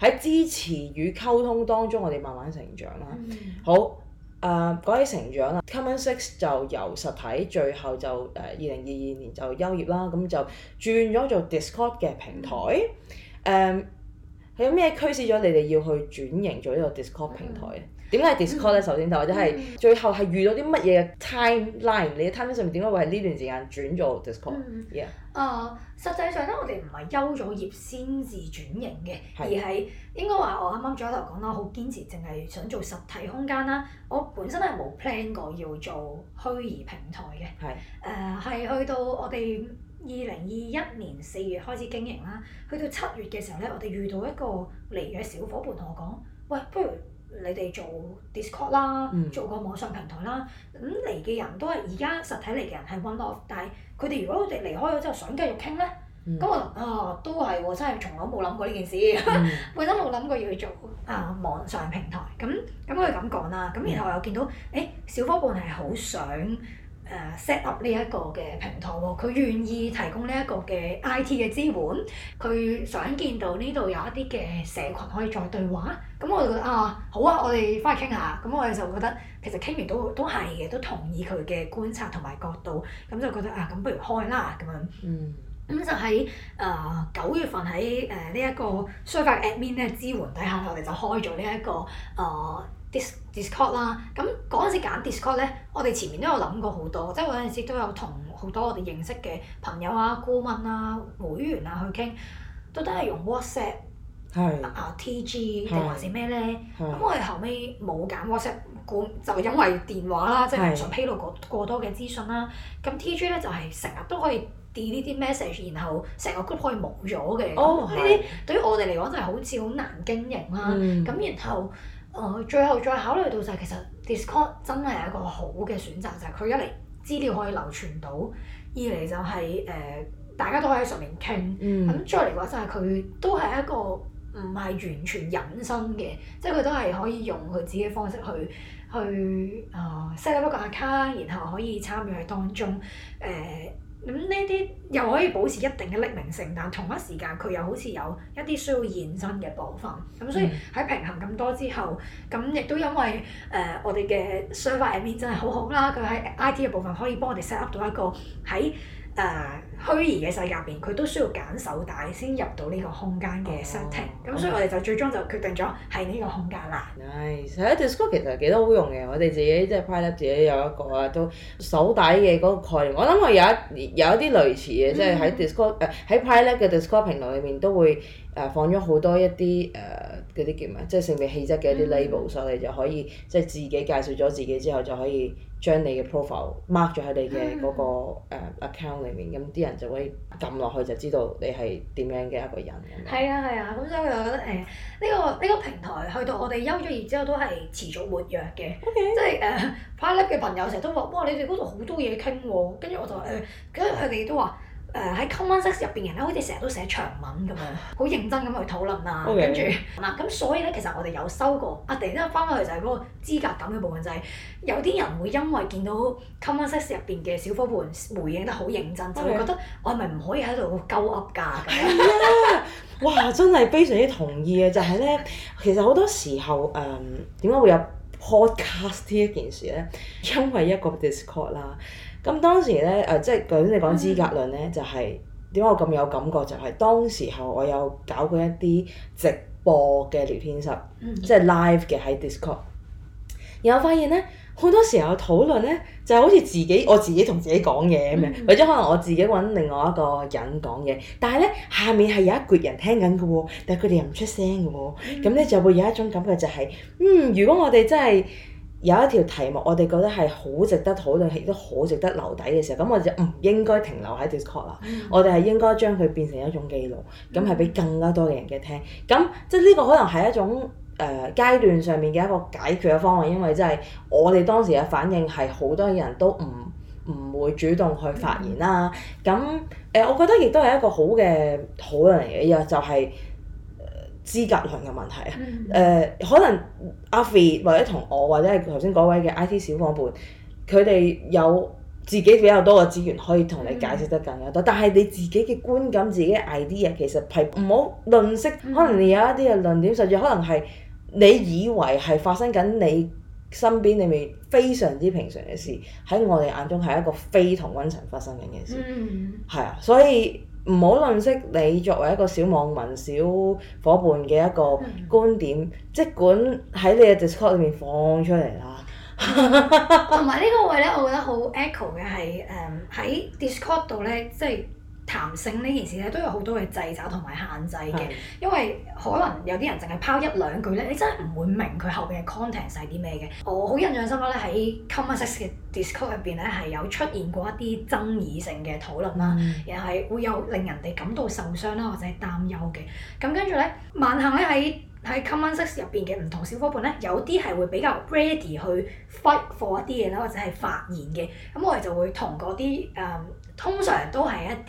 喺支持與溝通當中，我哋慢慢成長啦。Mm hmm. 好，誒講起成長啦、mm hmm.，Common6 就由實體最後就誒二零二二年就休業啦，咁就轉咗做 Discord 嘅平台。誒、mm hmm. 嗯，有咩驅使咗你哋要去轉型做呢個 Discord 平台咧？Mm hmm. 點解係 Discord 咧？首先就或者係最後係遇到啲乜嘢 timeline？、嗯、你嘅 timeline 上面點解會係呢段時間轉做 Discord？
啊，實際上咧，我哋唔係休咗業先至轉型嘅，的而係應該話我啱啱咗頭講啦，好堅持淨係想做實體空間啦。我本身係冇 plan 過要做虛擬平台嘅。係誒的，係、呃、去到我哋二零二一年四月開始經營啦，去到七月嘅時候咧，我哋遇到一個嚟嘅小伙伴同我講：喂，不如，你哋做 Discord 啦，做個網上平台啦，咁嚟嘅人都係而家實體嚟嘅人係 one off，但係佢哋如果佢哋離開咗之後想繼，想繼續傾咧，咁我啊都係喎、哦，真係從來冇諗過呢件事，嗯、 本身冇諗過要去做、嗯、啊網上平台，咁咁佢咁講啦，咁然後又見到，誒、嗯、小伙伴係好想。誒、uh, set up 呢一個嘅平台，佢願意提供呢一個嘅 IT 嘅支援，佢想見到呢度有一啲嘅社群可以再對話，咁我就覺得啊好啊，我哋翻去傾下，咁我哋就覺得其實傾完都都係嘅，都同意佢嘅觀察同埋角度，咁就覺得啊咁不如開啦咁樣，咁就喺誒九月份喺誒呢一個 Super Admin 咧支援底下，我哋就開咗呢一個誒。Disc Discord 啦，咁嗰陣時揀 Discord 咧，我哋前面都有諗過好多，即係嗰陣時都有同好多我哋認識嘅朋友啊、顧問啊、會員啊去傾，都都係用 WhatsApp 是、啊啊 T，G 定還是咩咧？咁是我哋後尾冇揀 WhatsApp，顧就因為電話啦，即係唔想披露過過多嘅資訊啦。咁 T，G 咧就係成日都可以 delete 啲 message，然後成個 group 可以冇咗嘅。哦，呢啲對於我哋嚟講就係好似好難經營啦。咁然後。最後再考慮到就係、是、其實 Discord 真係一個好嘅選擇，就係、是、佢一嚟資料可以流傳到，二嚟就係、是、誒、呃、大家都可以喺上面傾，咁、嗯嗯、再嚟嘅話就係佢都係一個唔係完全隱身嘅，即係佢都係可以用佢自己嘅方式去去啊、呃、set up 一個 account，然後可以參與喺當中誒。呃。咁呢啲又可以保持一定嘅匿名性，但同一時間佢又好似有一啲需要現身嘅部分，咁所以喺平衡咁多之後，咁亦都因為誒、呃、我哋嘅 server admin 真係好好啦，佢喺 IT 嘅部分可以幫我哋 set up 到一個喺誒虛擬嘅世界入邊，佢都需要揀手帶先入到呢個空間嘅 setting，咁所以我哋就最終就決定咗係呢個空間啦。誒，喺、
nice. Discord 其實幾多好用嘅，我哋自己即係、就是、PrideLab 自己有一個啊，都手帶嘅嗰個概念，我諗我有一有一啲類似嘅，即係喺 Discord 誒喺 PrideLab 嘅 Discord 頻道裏面都會。誒放咗好多一啲誒嗰啲叫咩？即係性別氣質嘅一啲 label， 所以你就可以即係自己介紹咗自己之後，就可以將你嘅 profile mark 咗喺你嘅嗰個 account 裡面，咁啲、 嗯、人就會撳落去就知道你係點樣嘅一個人。係啊
係啊，咁、啊嗯嗯、所以我就覺得誒呢、嗯呢個呢、呢個平台，去到我哋休咗業之後都遲早，都係持續活躍嘅。即係誒 part 嘅朋友成日都話：哇，你哋嗰度好多嘢傾喎！跟住我就誒，跟住佢哋都話。嗯誒喺、uh, Common6 入邊人咧，好似成日都寫長文咁樣，好認真咁去討論啊，Okay. 跟住著，嗱 咁所以咧，其實我哋有收過。啊，突然之間翻返嚟就係嗰個資格感嘅部分，就係、是、有啲人會因為見到 Common6 入邊嘅小夥伴回應得好認真，oh. 就會覺得 我係咪唔可以喺度鳩噏㗎？係 啊，
哇！真係非常之同意嘅，就係咧，其實好多時候誒點解會有 Podcast 呢一件事咧？因為一個 Discord 啦。咁當時咧，誒即係頭先你講資格論咧，mm hmm. 就係點解我咁有感覺？就係、是、當時候我有搞過一啲直播嘅聊天室，mm hmm. 即係 live 嘅喺 Discord。然後發現咧，好多時候討論咧，就係、是、好似自己我自己同自己講嘢咁樣，mm hmm. 或者可能我自己搵另外一個人講嘢。但係咧，下面係有一羣人聽緊嘅喎，但係佢哋又唔出聲嘅喎。咁咧、mm hmm. 就會有一種感覺就係、是，嗯，如果我哋真係。有一條題目，我哋覺得係好值得討論，亦都好值得留底嘅時候，咁我哋就唔應該停留喺 Discord 啦。我哋係應該將佢變成一種記錄，咁係俾更加多嘅人嘅聽。咁即係呢個可能係一種誒、呃、階段上面嘅一個解決嘅方案，因為即係我哋當時嘅反應係好多人都唔唔會主動去發言啦。咁誒、嗯呃，我覺得亦都係一個好嘅討論嚟嘅，又就係、是。資格論嘅問題啊，誒、嗯呃、可能阿肥或者同我或者係頭先嗰位嘅 I T 小伙伴，佢哋有自己比較多嘅資源可以同你解釋得更加多。嗯、但係你自己嘅觀感、嗯、自己 idea 其實係唔好論析，嗯、可能你有一啲嘅論點，甚至可能係你以為係發生緊你身邊裏面非常之平常嘅事，喺我哋眼中係一個非同溫層發生緊嘅事，係、嗯、啊，所以。唔好吝惜你作為一個小網民、小伙伴嘅一個觀點，即、嗯、管喺你嘅 Discord 裏面放出嚟啦。
同埋呢個位咧，我覺得好 echo 嘅係誒喺 Discord 度咧，即、um，係。就是談性呢件事咧，都有好多嘅掣肘同埋限制嘅，的因為可能有啲人淨係拋一兩句咧，你真係唔會明佢後邊嘅 content 係啲咩嘅。我好印象深刻咧，喺 Common6 嘅 Discord 入邊咧，係有出現過一啲爭議性嘅討論啦，又係、嗯、會有令人哋感到受傷啦，或者係擔憂嘅。咁跟住咧，萬幸咧喺喺 Common6 入邊嘅唔同小伙伴咧，有啲係會比較 ready 去 fight for 一啲嘢啦，或者係發言嘅。咁我哋就會同嗰啲誒，通常都係一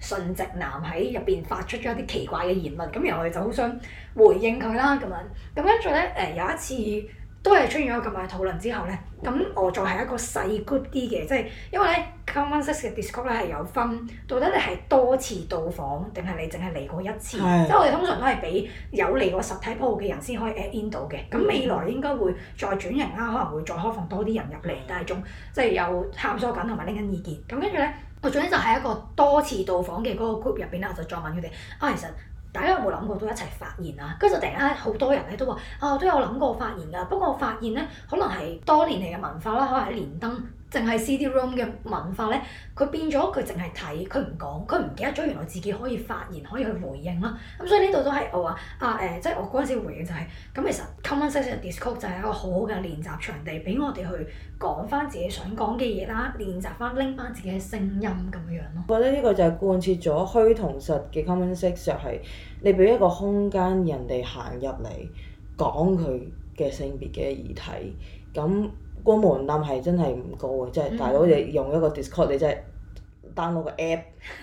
啲順直男喺入邊發出咗一啲奇怪嘅言論。咁然後我哋就好想回應佢啦，咁樣。咁跟住咧，誒、呃、有一次。都係出現咗咁大討論之後咧，咁我再係一個細 group 啲嘅，即係因為咧 Common 6嘅 Discord 咧係有分，到底你係多次到訪定係你淨係嚟過一次？即係我哋通常都係俾有嚟過實體鋪嘅人先可以 add in 到嘅。咁未來應該會再轉型啦，可能會再開放多啲人入嚟，但係仲即係有探索緊同埋拎緊意見。咁跟住咧，我總之就係一個多次到訪嘅嗰個 group 入邊我就再問佢哋，啊其實。大家有冇諗過都一齊發言啊？跟住就突然間好多人咧都話：啊，都有諗過發言噶。不過發現咧，可能係多年嚟嘅文化啦，可能喺連登，淨係 CD-ROM 嘅文化咧，佢變咗佢淨係睇，佢唔講，佢唔記得咗原來自己可以發言，可以去回應咯。咁、嗯、所以呢度都係我話啊誒、呃，即係我嗰陣時回應就係、是，咁、嗯、其實 Common6 嘅 Discord 就係一個好好嘅練習場地，俾我哋去講翻自己想講嘅嘢啦，練習翻拎翻自己嘅聲音咁樣
咯。我覺得呢個就係貫徹咗虛同實嘅 Common6，就係你俾一個空間人哋行入嚟講佢嘅性別嘅議題咁。門檻、嗯、但係真係唔高嘅，即係大佬你用一個 Discord、嗯、你真係 download 個 app、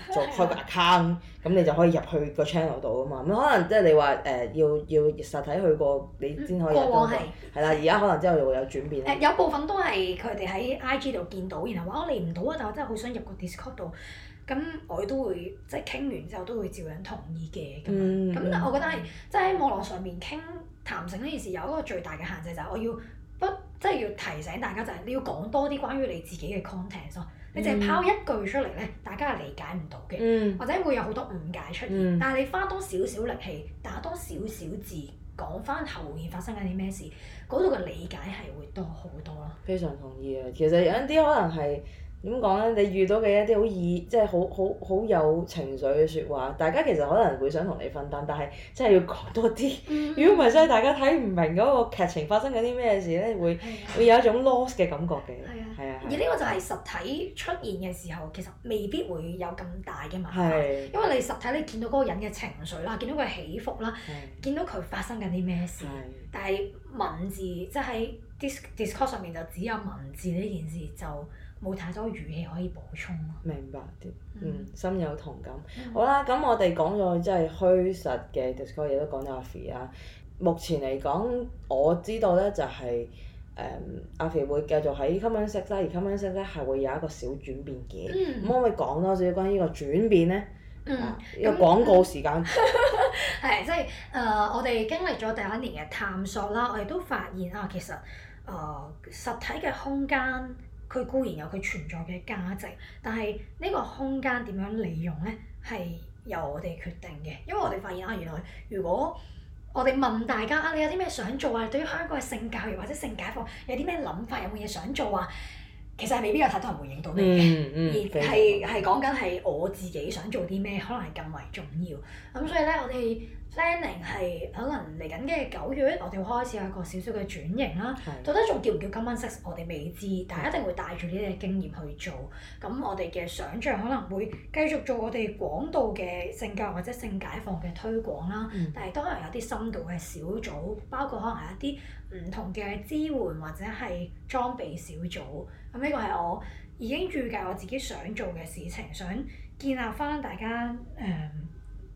嗯、做開個 account，咁你就可以入去個 channel 度啊嘛。咁可能即係你話誒要要實體去過你先可以入到度，係啦。而家可能之後就會有轉變、呃、有
部分都係佢哋喺 IG 度見到，然後話我嚟唔到啊，但我真係好想入個 Discord 度。咁我都會即係傾完之後都會照樣同意嘅咁。咁、嗯嗯、我覺得係即係喺網絡上面傾談，談性呢件事有一個最大嘅限制就係我要。即係要提醒大家就係、是、你要講多啲關於你自己嘅 content 咯。嗯、你淨係拋一句出嚟咧，大家係理解唔到嘅，嗯、或者會有好多誤解出現。嗯、但係你花多少少力氣，打多少少字，講返後面發生緊啲咩事，嗰度嘅理解係會多好多咯。
非常同意啊！其實有一啲可能係。點講咧？你遇到嘅一啲好易，即係好好好有情緒嘅説話，大家其實可能會想同你分擔，但係真係要講多啲。如果唔係，真、hmm. 係大家睇唔明嗰個劇情發生緊啲咩事咧，會、mm hmm. 會有一種 loss 嘅感覺嘅。係啊，係啊。而呢個
就係實體出現嘅時候，其實未必會有咁大嘅問題，Yeah. 因為你實體你見到嗰個人嘅情緒啦，見到佢起伏啦，mm hmm. 見到佢發生緊啲咩事。Yeah. 但係文字即喺 Discord 上面就只有文字呢件事就。冇太多語氣可以補
充、啊、明白啲，嗯，深有同感。好啦，咁我哋講咗即係虛實嘅 d i s c o v 都講到阿 Fe 啦。目前嚟講，我知道咧就係、是、誒、嗯、阿 Fe 會繼續喺 Common6 啦，而 Common6 咧係會有一個小轉變嘅。咁可唔可以講多少關於呢個轉變咧？
嗯。啊呢個廣告時間。係、嗯， 即係誒、呃，我哋經歷咗第一年嘅探索啦，我哋都發現啊，其實誒、呃、實體嘅空間。佢固然有佢存在嘅價值，但係呢個空間點樣利用咧，係由我哋決定嘅。因為我哋發現啊，原來如果我哋問大家啊，你有啲咩想做啊？對於香港嘅性教育或者性解放有啲咩諗法？有冇嘢想做啊？其實係未必有太多人回應到你嘅，嗯嗯、而係係講緊係我自己想做啲咩，可能係更為重要。咁所以咧，我哋 Planning 係可能嚟緊嘅九月，我哋會開始有一個少少嘅轉型啦。到底仲叫唔叫 Common 6？我哋未知，但係一定會帶住呢啲經驗去做。咁我哋嘅想像可能會繼續做我哋廣度嘅性教或者性解放嘅推廣啦。嗯、但係都係有啲深度嘅小組，包括可能係一啲唔同嘅支援或者係裝備小組。咁呢個係我已經預計我自己想做嘅事情，想建立翻大家誒、嗯、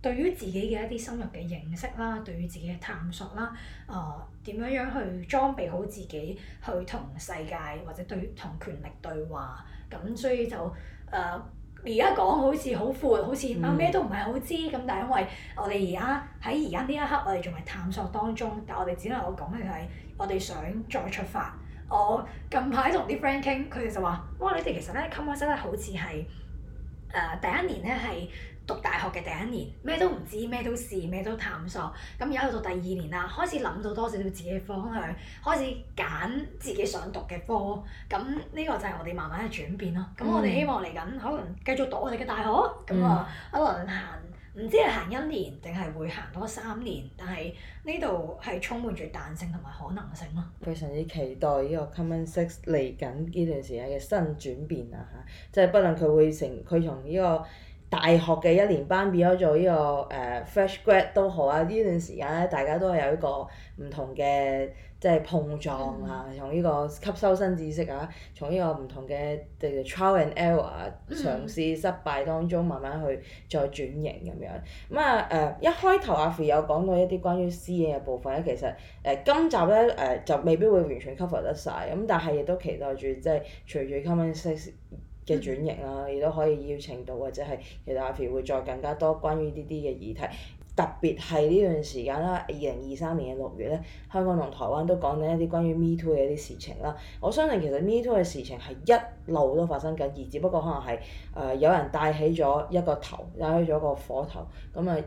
對於自己嘅一啲深入嘅認識啦，對於自己嘅探索啦，啊點樣樣去裝備好自己，去同世界或者對同權力對話。咁所以就誒而家講好似好闊，好似啊咩都唔係好知。咁、嗯、但係因為我哋而家喺而家呢一刻，我哋仲係探索當中，但我哋只能夠講嘅係我哋想再出發。我近排同啲 friend 傾，佢哋就話：哇！你哋其實咧 come out 真係好似係誒第一年咧，係讀大學嘅第一年，咩都唔知，咩都試，咩都探索。咁而家去到第二年啦，開始諗到多少少自己嘅方向，開始揀自己想讀嘅科。咁呢個就係我哋慢慢嘅轉變咯。咁我哋希望嚟緊可能繼續讀我哋嘅大學，咁啊可能行。嗯唔知係行一年定係會行多三年，但係呢度係充滿住彈性同埋可能性咯。
非常之期待呢個 Common6 嚟緊呢段時間嘅新轉變啊！嚇，即係不論佢會成佢從呢個。大學嘅一年班變咗做呢、這個誒、uh, fresh grad 都好啊！呢段時間咧，大家都係有一個唔同嘅即係碰撞啊，同呢個吸收新知識啊，從呢個唔同嘅嘅 trial and error、啊、嘗試失敗當中慢慢去再轉型咁樣。咁啊誒、啊、一開頭阿 Fe 有講到一啲關於私隱嘅部分咧，其實誒、呃、今集咧誒、呃、就未必會完全 cover 得曬，咁但係亦都期待住即係隨住 Common6 嘅轉型啦、啊，亦都可以邀請到或者係，其實阿 Fe 會再更加多關於呢啲嘅議題，特別係呢段時間啦、啊，二零二三年嘅六月咧，香港同台灣都講緊一啲關於 Me Too 嘅一啲事情啦、啊。我相信其實 Me Too 嘅事情係一路都發生緊，而只不過可能係誒、呃、有人帶起咗一個頭，帶起咗一個火頭，咁啊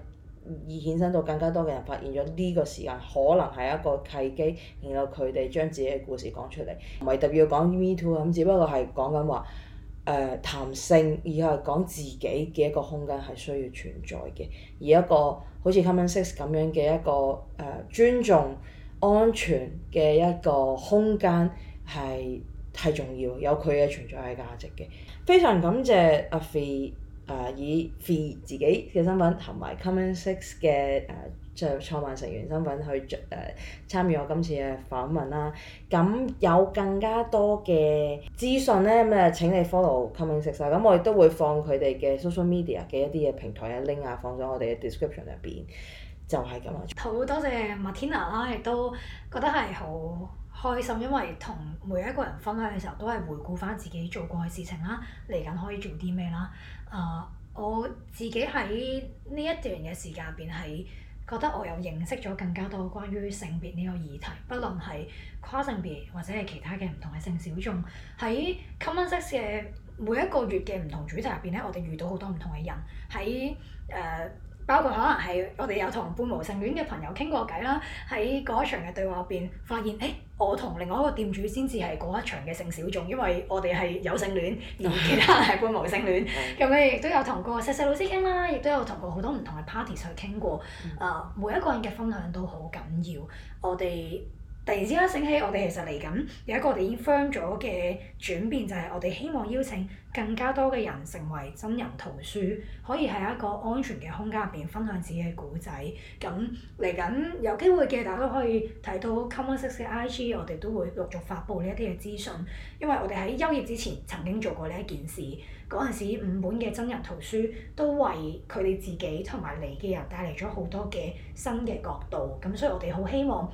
而衍生到更加多嘅人發現咗呢個時間可能係一個契機，然後佢哋將自己嘅故事講出嚟，唔係特別要講 Me Too 咁只不過係講緊話。誒談，uh, 性，然後講自己嘅一個空間係需要存在嘅，而一個好似 Common6 咁樣嘅一個誒，uh, 尊重安全嘅一個空間係係重要，有佢嘅存在嘅價值嘅。非常感謝阿 Fe，uh, 以 Fe 自己嘅身份，同埋 Common6 嘅誒。Uh, 就創辦成員身份去著誒、呃、參與我今次嘅訪問啦，咁、嗯、有更加多嘅資訊咧，咁、嗯、誒請你 follow Common6 咁我亦都會放佢哋嘅 social media 嘅一啲嘅平台嘅 link 啊，放咗我哋嘅 description 入邊，就係咁樣！
好多謝 Matina 啦，亦都覺得係好開心，因為同每一個人分享嘅時候，都係回顧翻自己做過嘅事情啦，嚟緊可以做啲咩啦？啊、呃，我自己喺呢一段嘅時間入邊喺～覺得我又認識咗更加多關於性別呢個議題，不論係跨性別或者係其他嘅唔同嘅性小眾，喺 Common6 嘅每一個月嘅唔同主題入邊咧，我哋遇到好多唔同嘅人喺誒。包括可能係我哋有同半無性戀嘅朋友傾過偈啦，喺嗰一場嘅對話入邊，發現誒、欸，我同另外一個店主先至係嗰一場嘅性小眾，因為我哋係有性戀，而其他係半無性戀。咁我亦都有同個細細老師傾啦，亦都有同過好多唔同嘅 parties 去傾過。嗯、啊，每一個人嘅分享都好緊要，我哋。突然之間醒起，我哋其實嚟緊有一個我哋已經 firm 咗嘅轉變，就係我哋希望邀請更加多嘅人成為真人圖書，可以喺一個安全嘅空間入邊分享自己嘅故仔。咁嚟緊有機會嘅大家都可以睇到 Common6 嘅 IG，我哋都會陸續發佈呢一啲嘅資訊。因為我哋喺休業之前曾經做過呢一件事，嗰陣時五本嘅真人圖書都為佢哋自己同埋嚟嘅人帶嚟咗好多嘅新嘅角度。咁所以我哋好希望。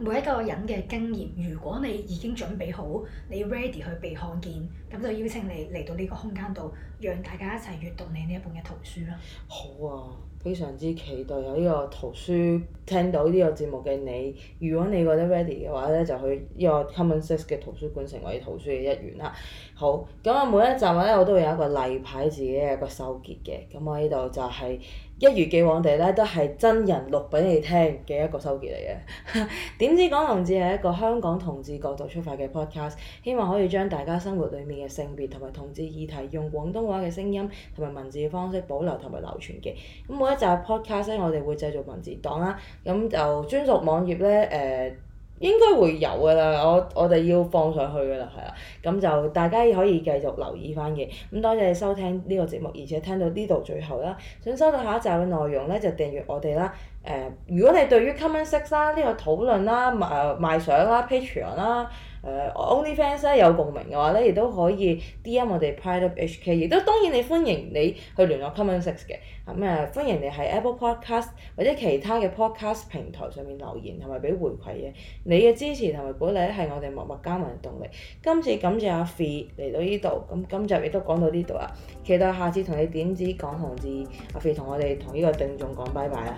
每一個人嘅經驗，如果你已經準備好，你 ready 去被看見，咁就邀請你嚟到呢個空間度，讓大家一齊閲讀你呢一本嘅圖書啦。
好啊，非常之期待有呢個圖書，聽到呢個節目嘅你，如果你覺得 ready 嘅話呢，就去呢個 Common6 嘅圖書館成為圖書嘅一員啦。好，咁啊每一集呢，我都會有一個例牌自己嘅一個收結嘅，咁我呢度就係。一如既往地咧，都係真人錄俾你聽嘅一個收結嚟嘅。點 知講同志係一個香港同志角度出發嘅 podcast，希望可以將大家生活裡面嘅性別同埋同志議題，用廣東話嘅聲音同埋文字嘅方式保留同埋流傳嘅。咁每一集 podcast 咧，我哋會製造文字檔啦。咁就專屬網頁咧，誒、呃。應該會有㗎啦，我我哋要放上去㗎啦，係啦，咁就大家可以繼續留意翻嘅，咁多謝你收聽呢個節目，而且聽到呢度最後啦，想收到下一集嘅內容呢，就訂閱我哋啦，誒、呃，如果你對於 Common6 啦、呢個討論啦、賣相啦 賣相啦、 Patreon 啦。誒、uh，OnlyFans 咧、uh, 有共鳴嘅話咧，亦、uh, 都可以 DM 我哋 PrideLab HK，亦都當然你歡迎你去聯絡 Common6 嘅，咁、uh, 誒歡迎你喺 Apple Podcast 或者其他嘅 Podcast 平台上面留言同埋俾回饋嘅，uh, 你嘅支持同埋鼓勵咧係我哋默默耕耘嘅動力。今次感謝阿 Fe 嚟到呢度，咁今集亦都講到呢度啦，期待下次同你點子講同志，阿 Fe 同我哋同呢個定眾講拜拜啦，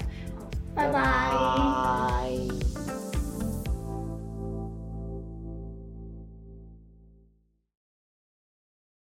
拜拜。Bye bye. Bye
bye.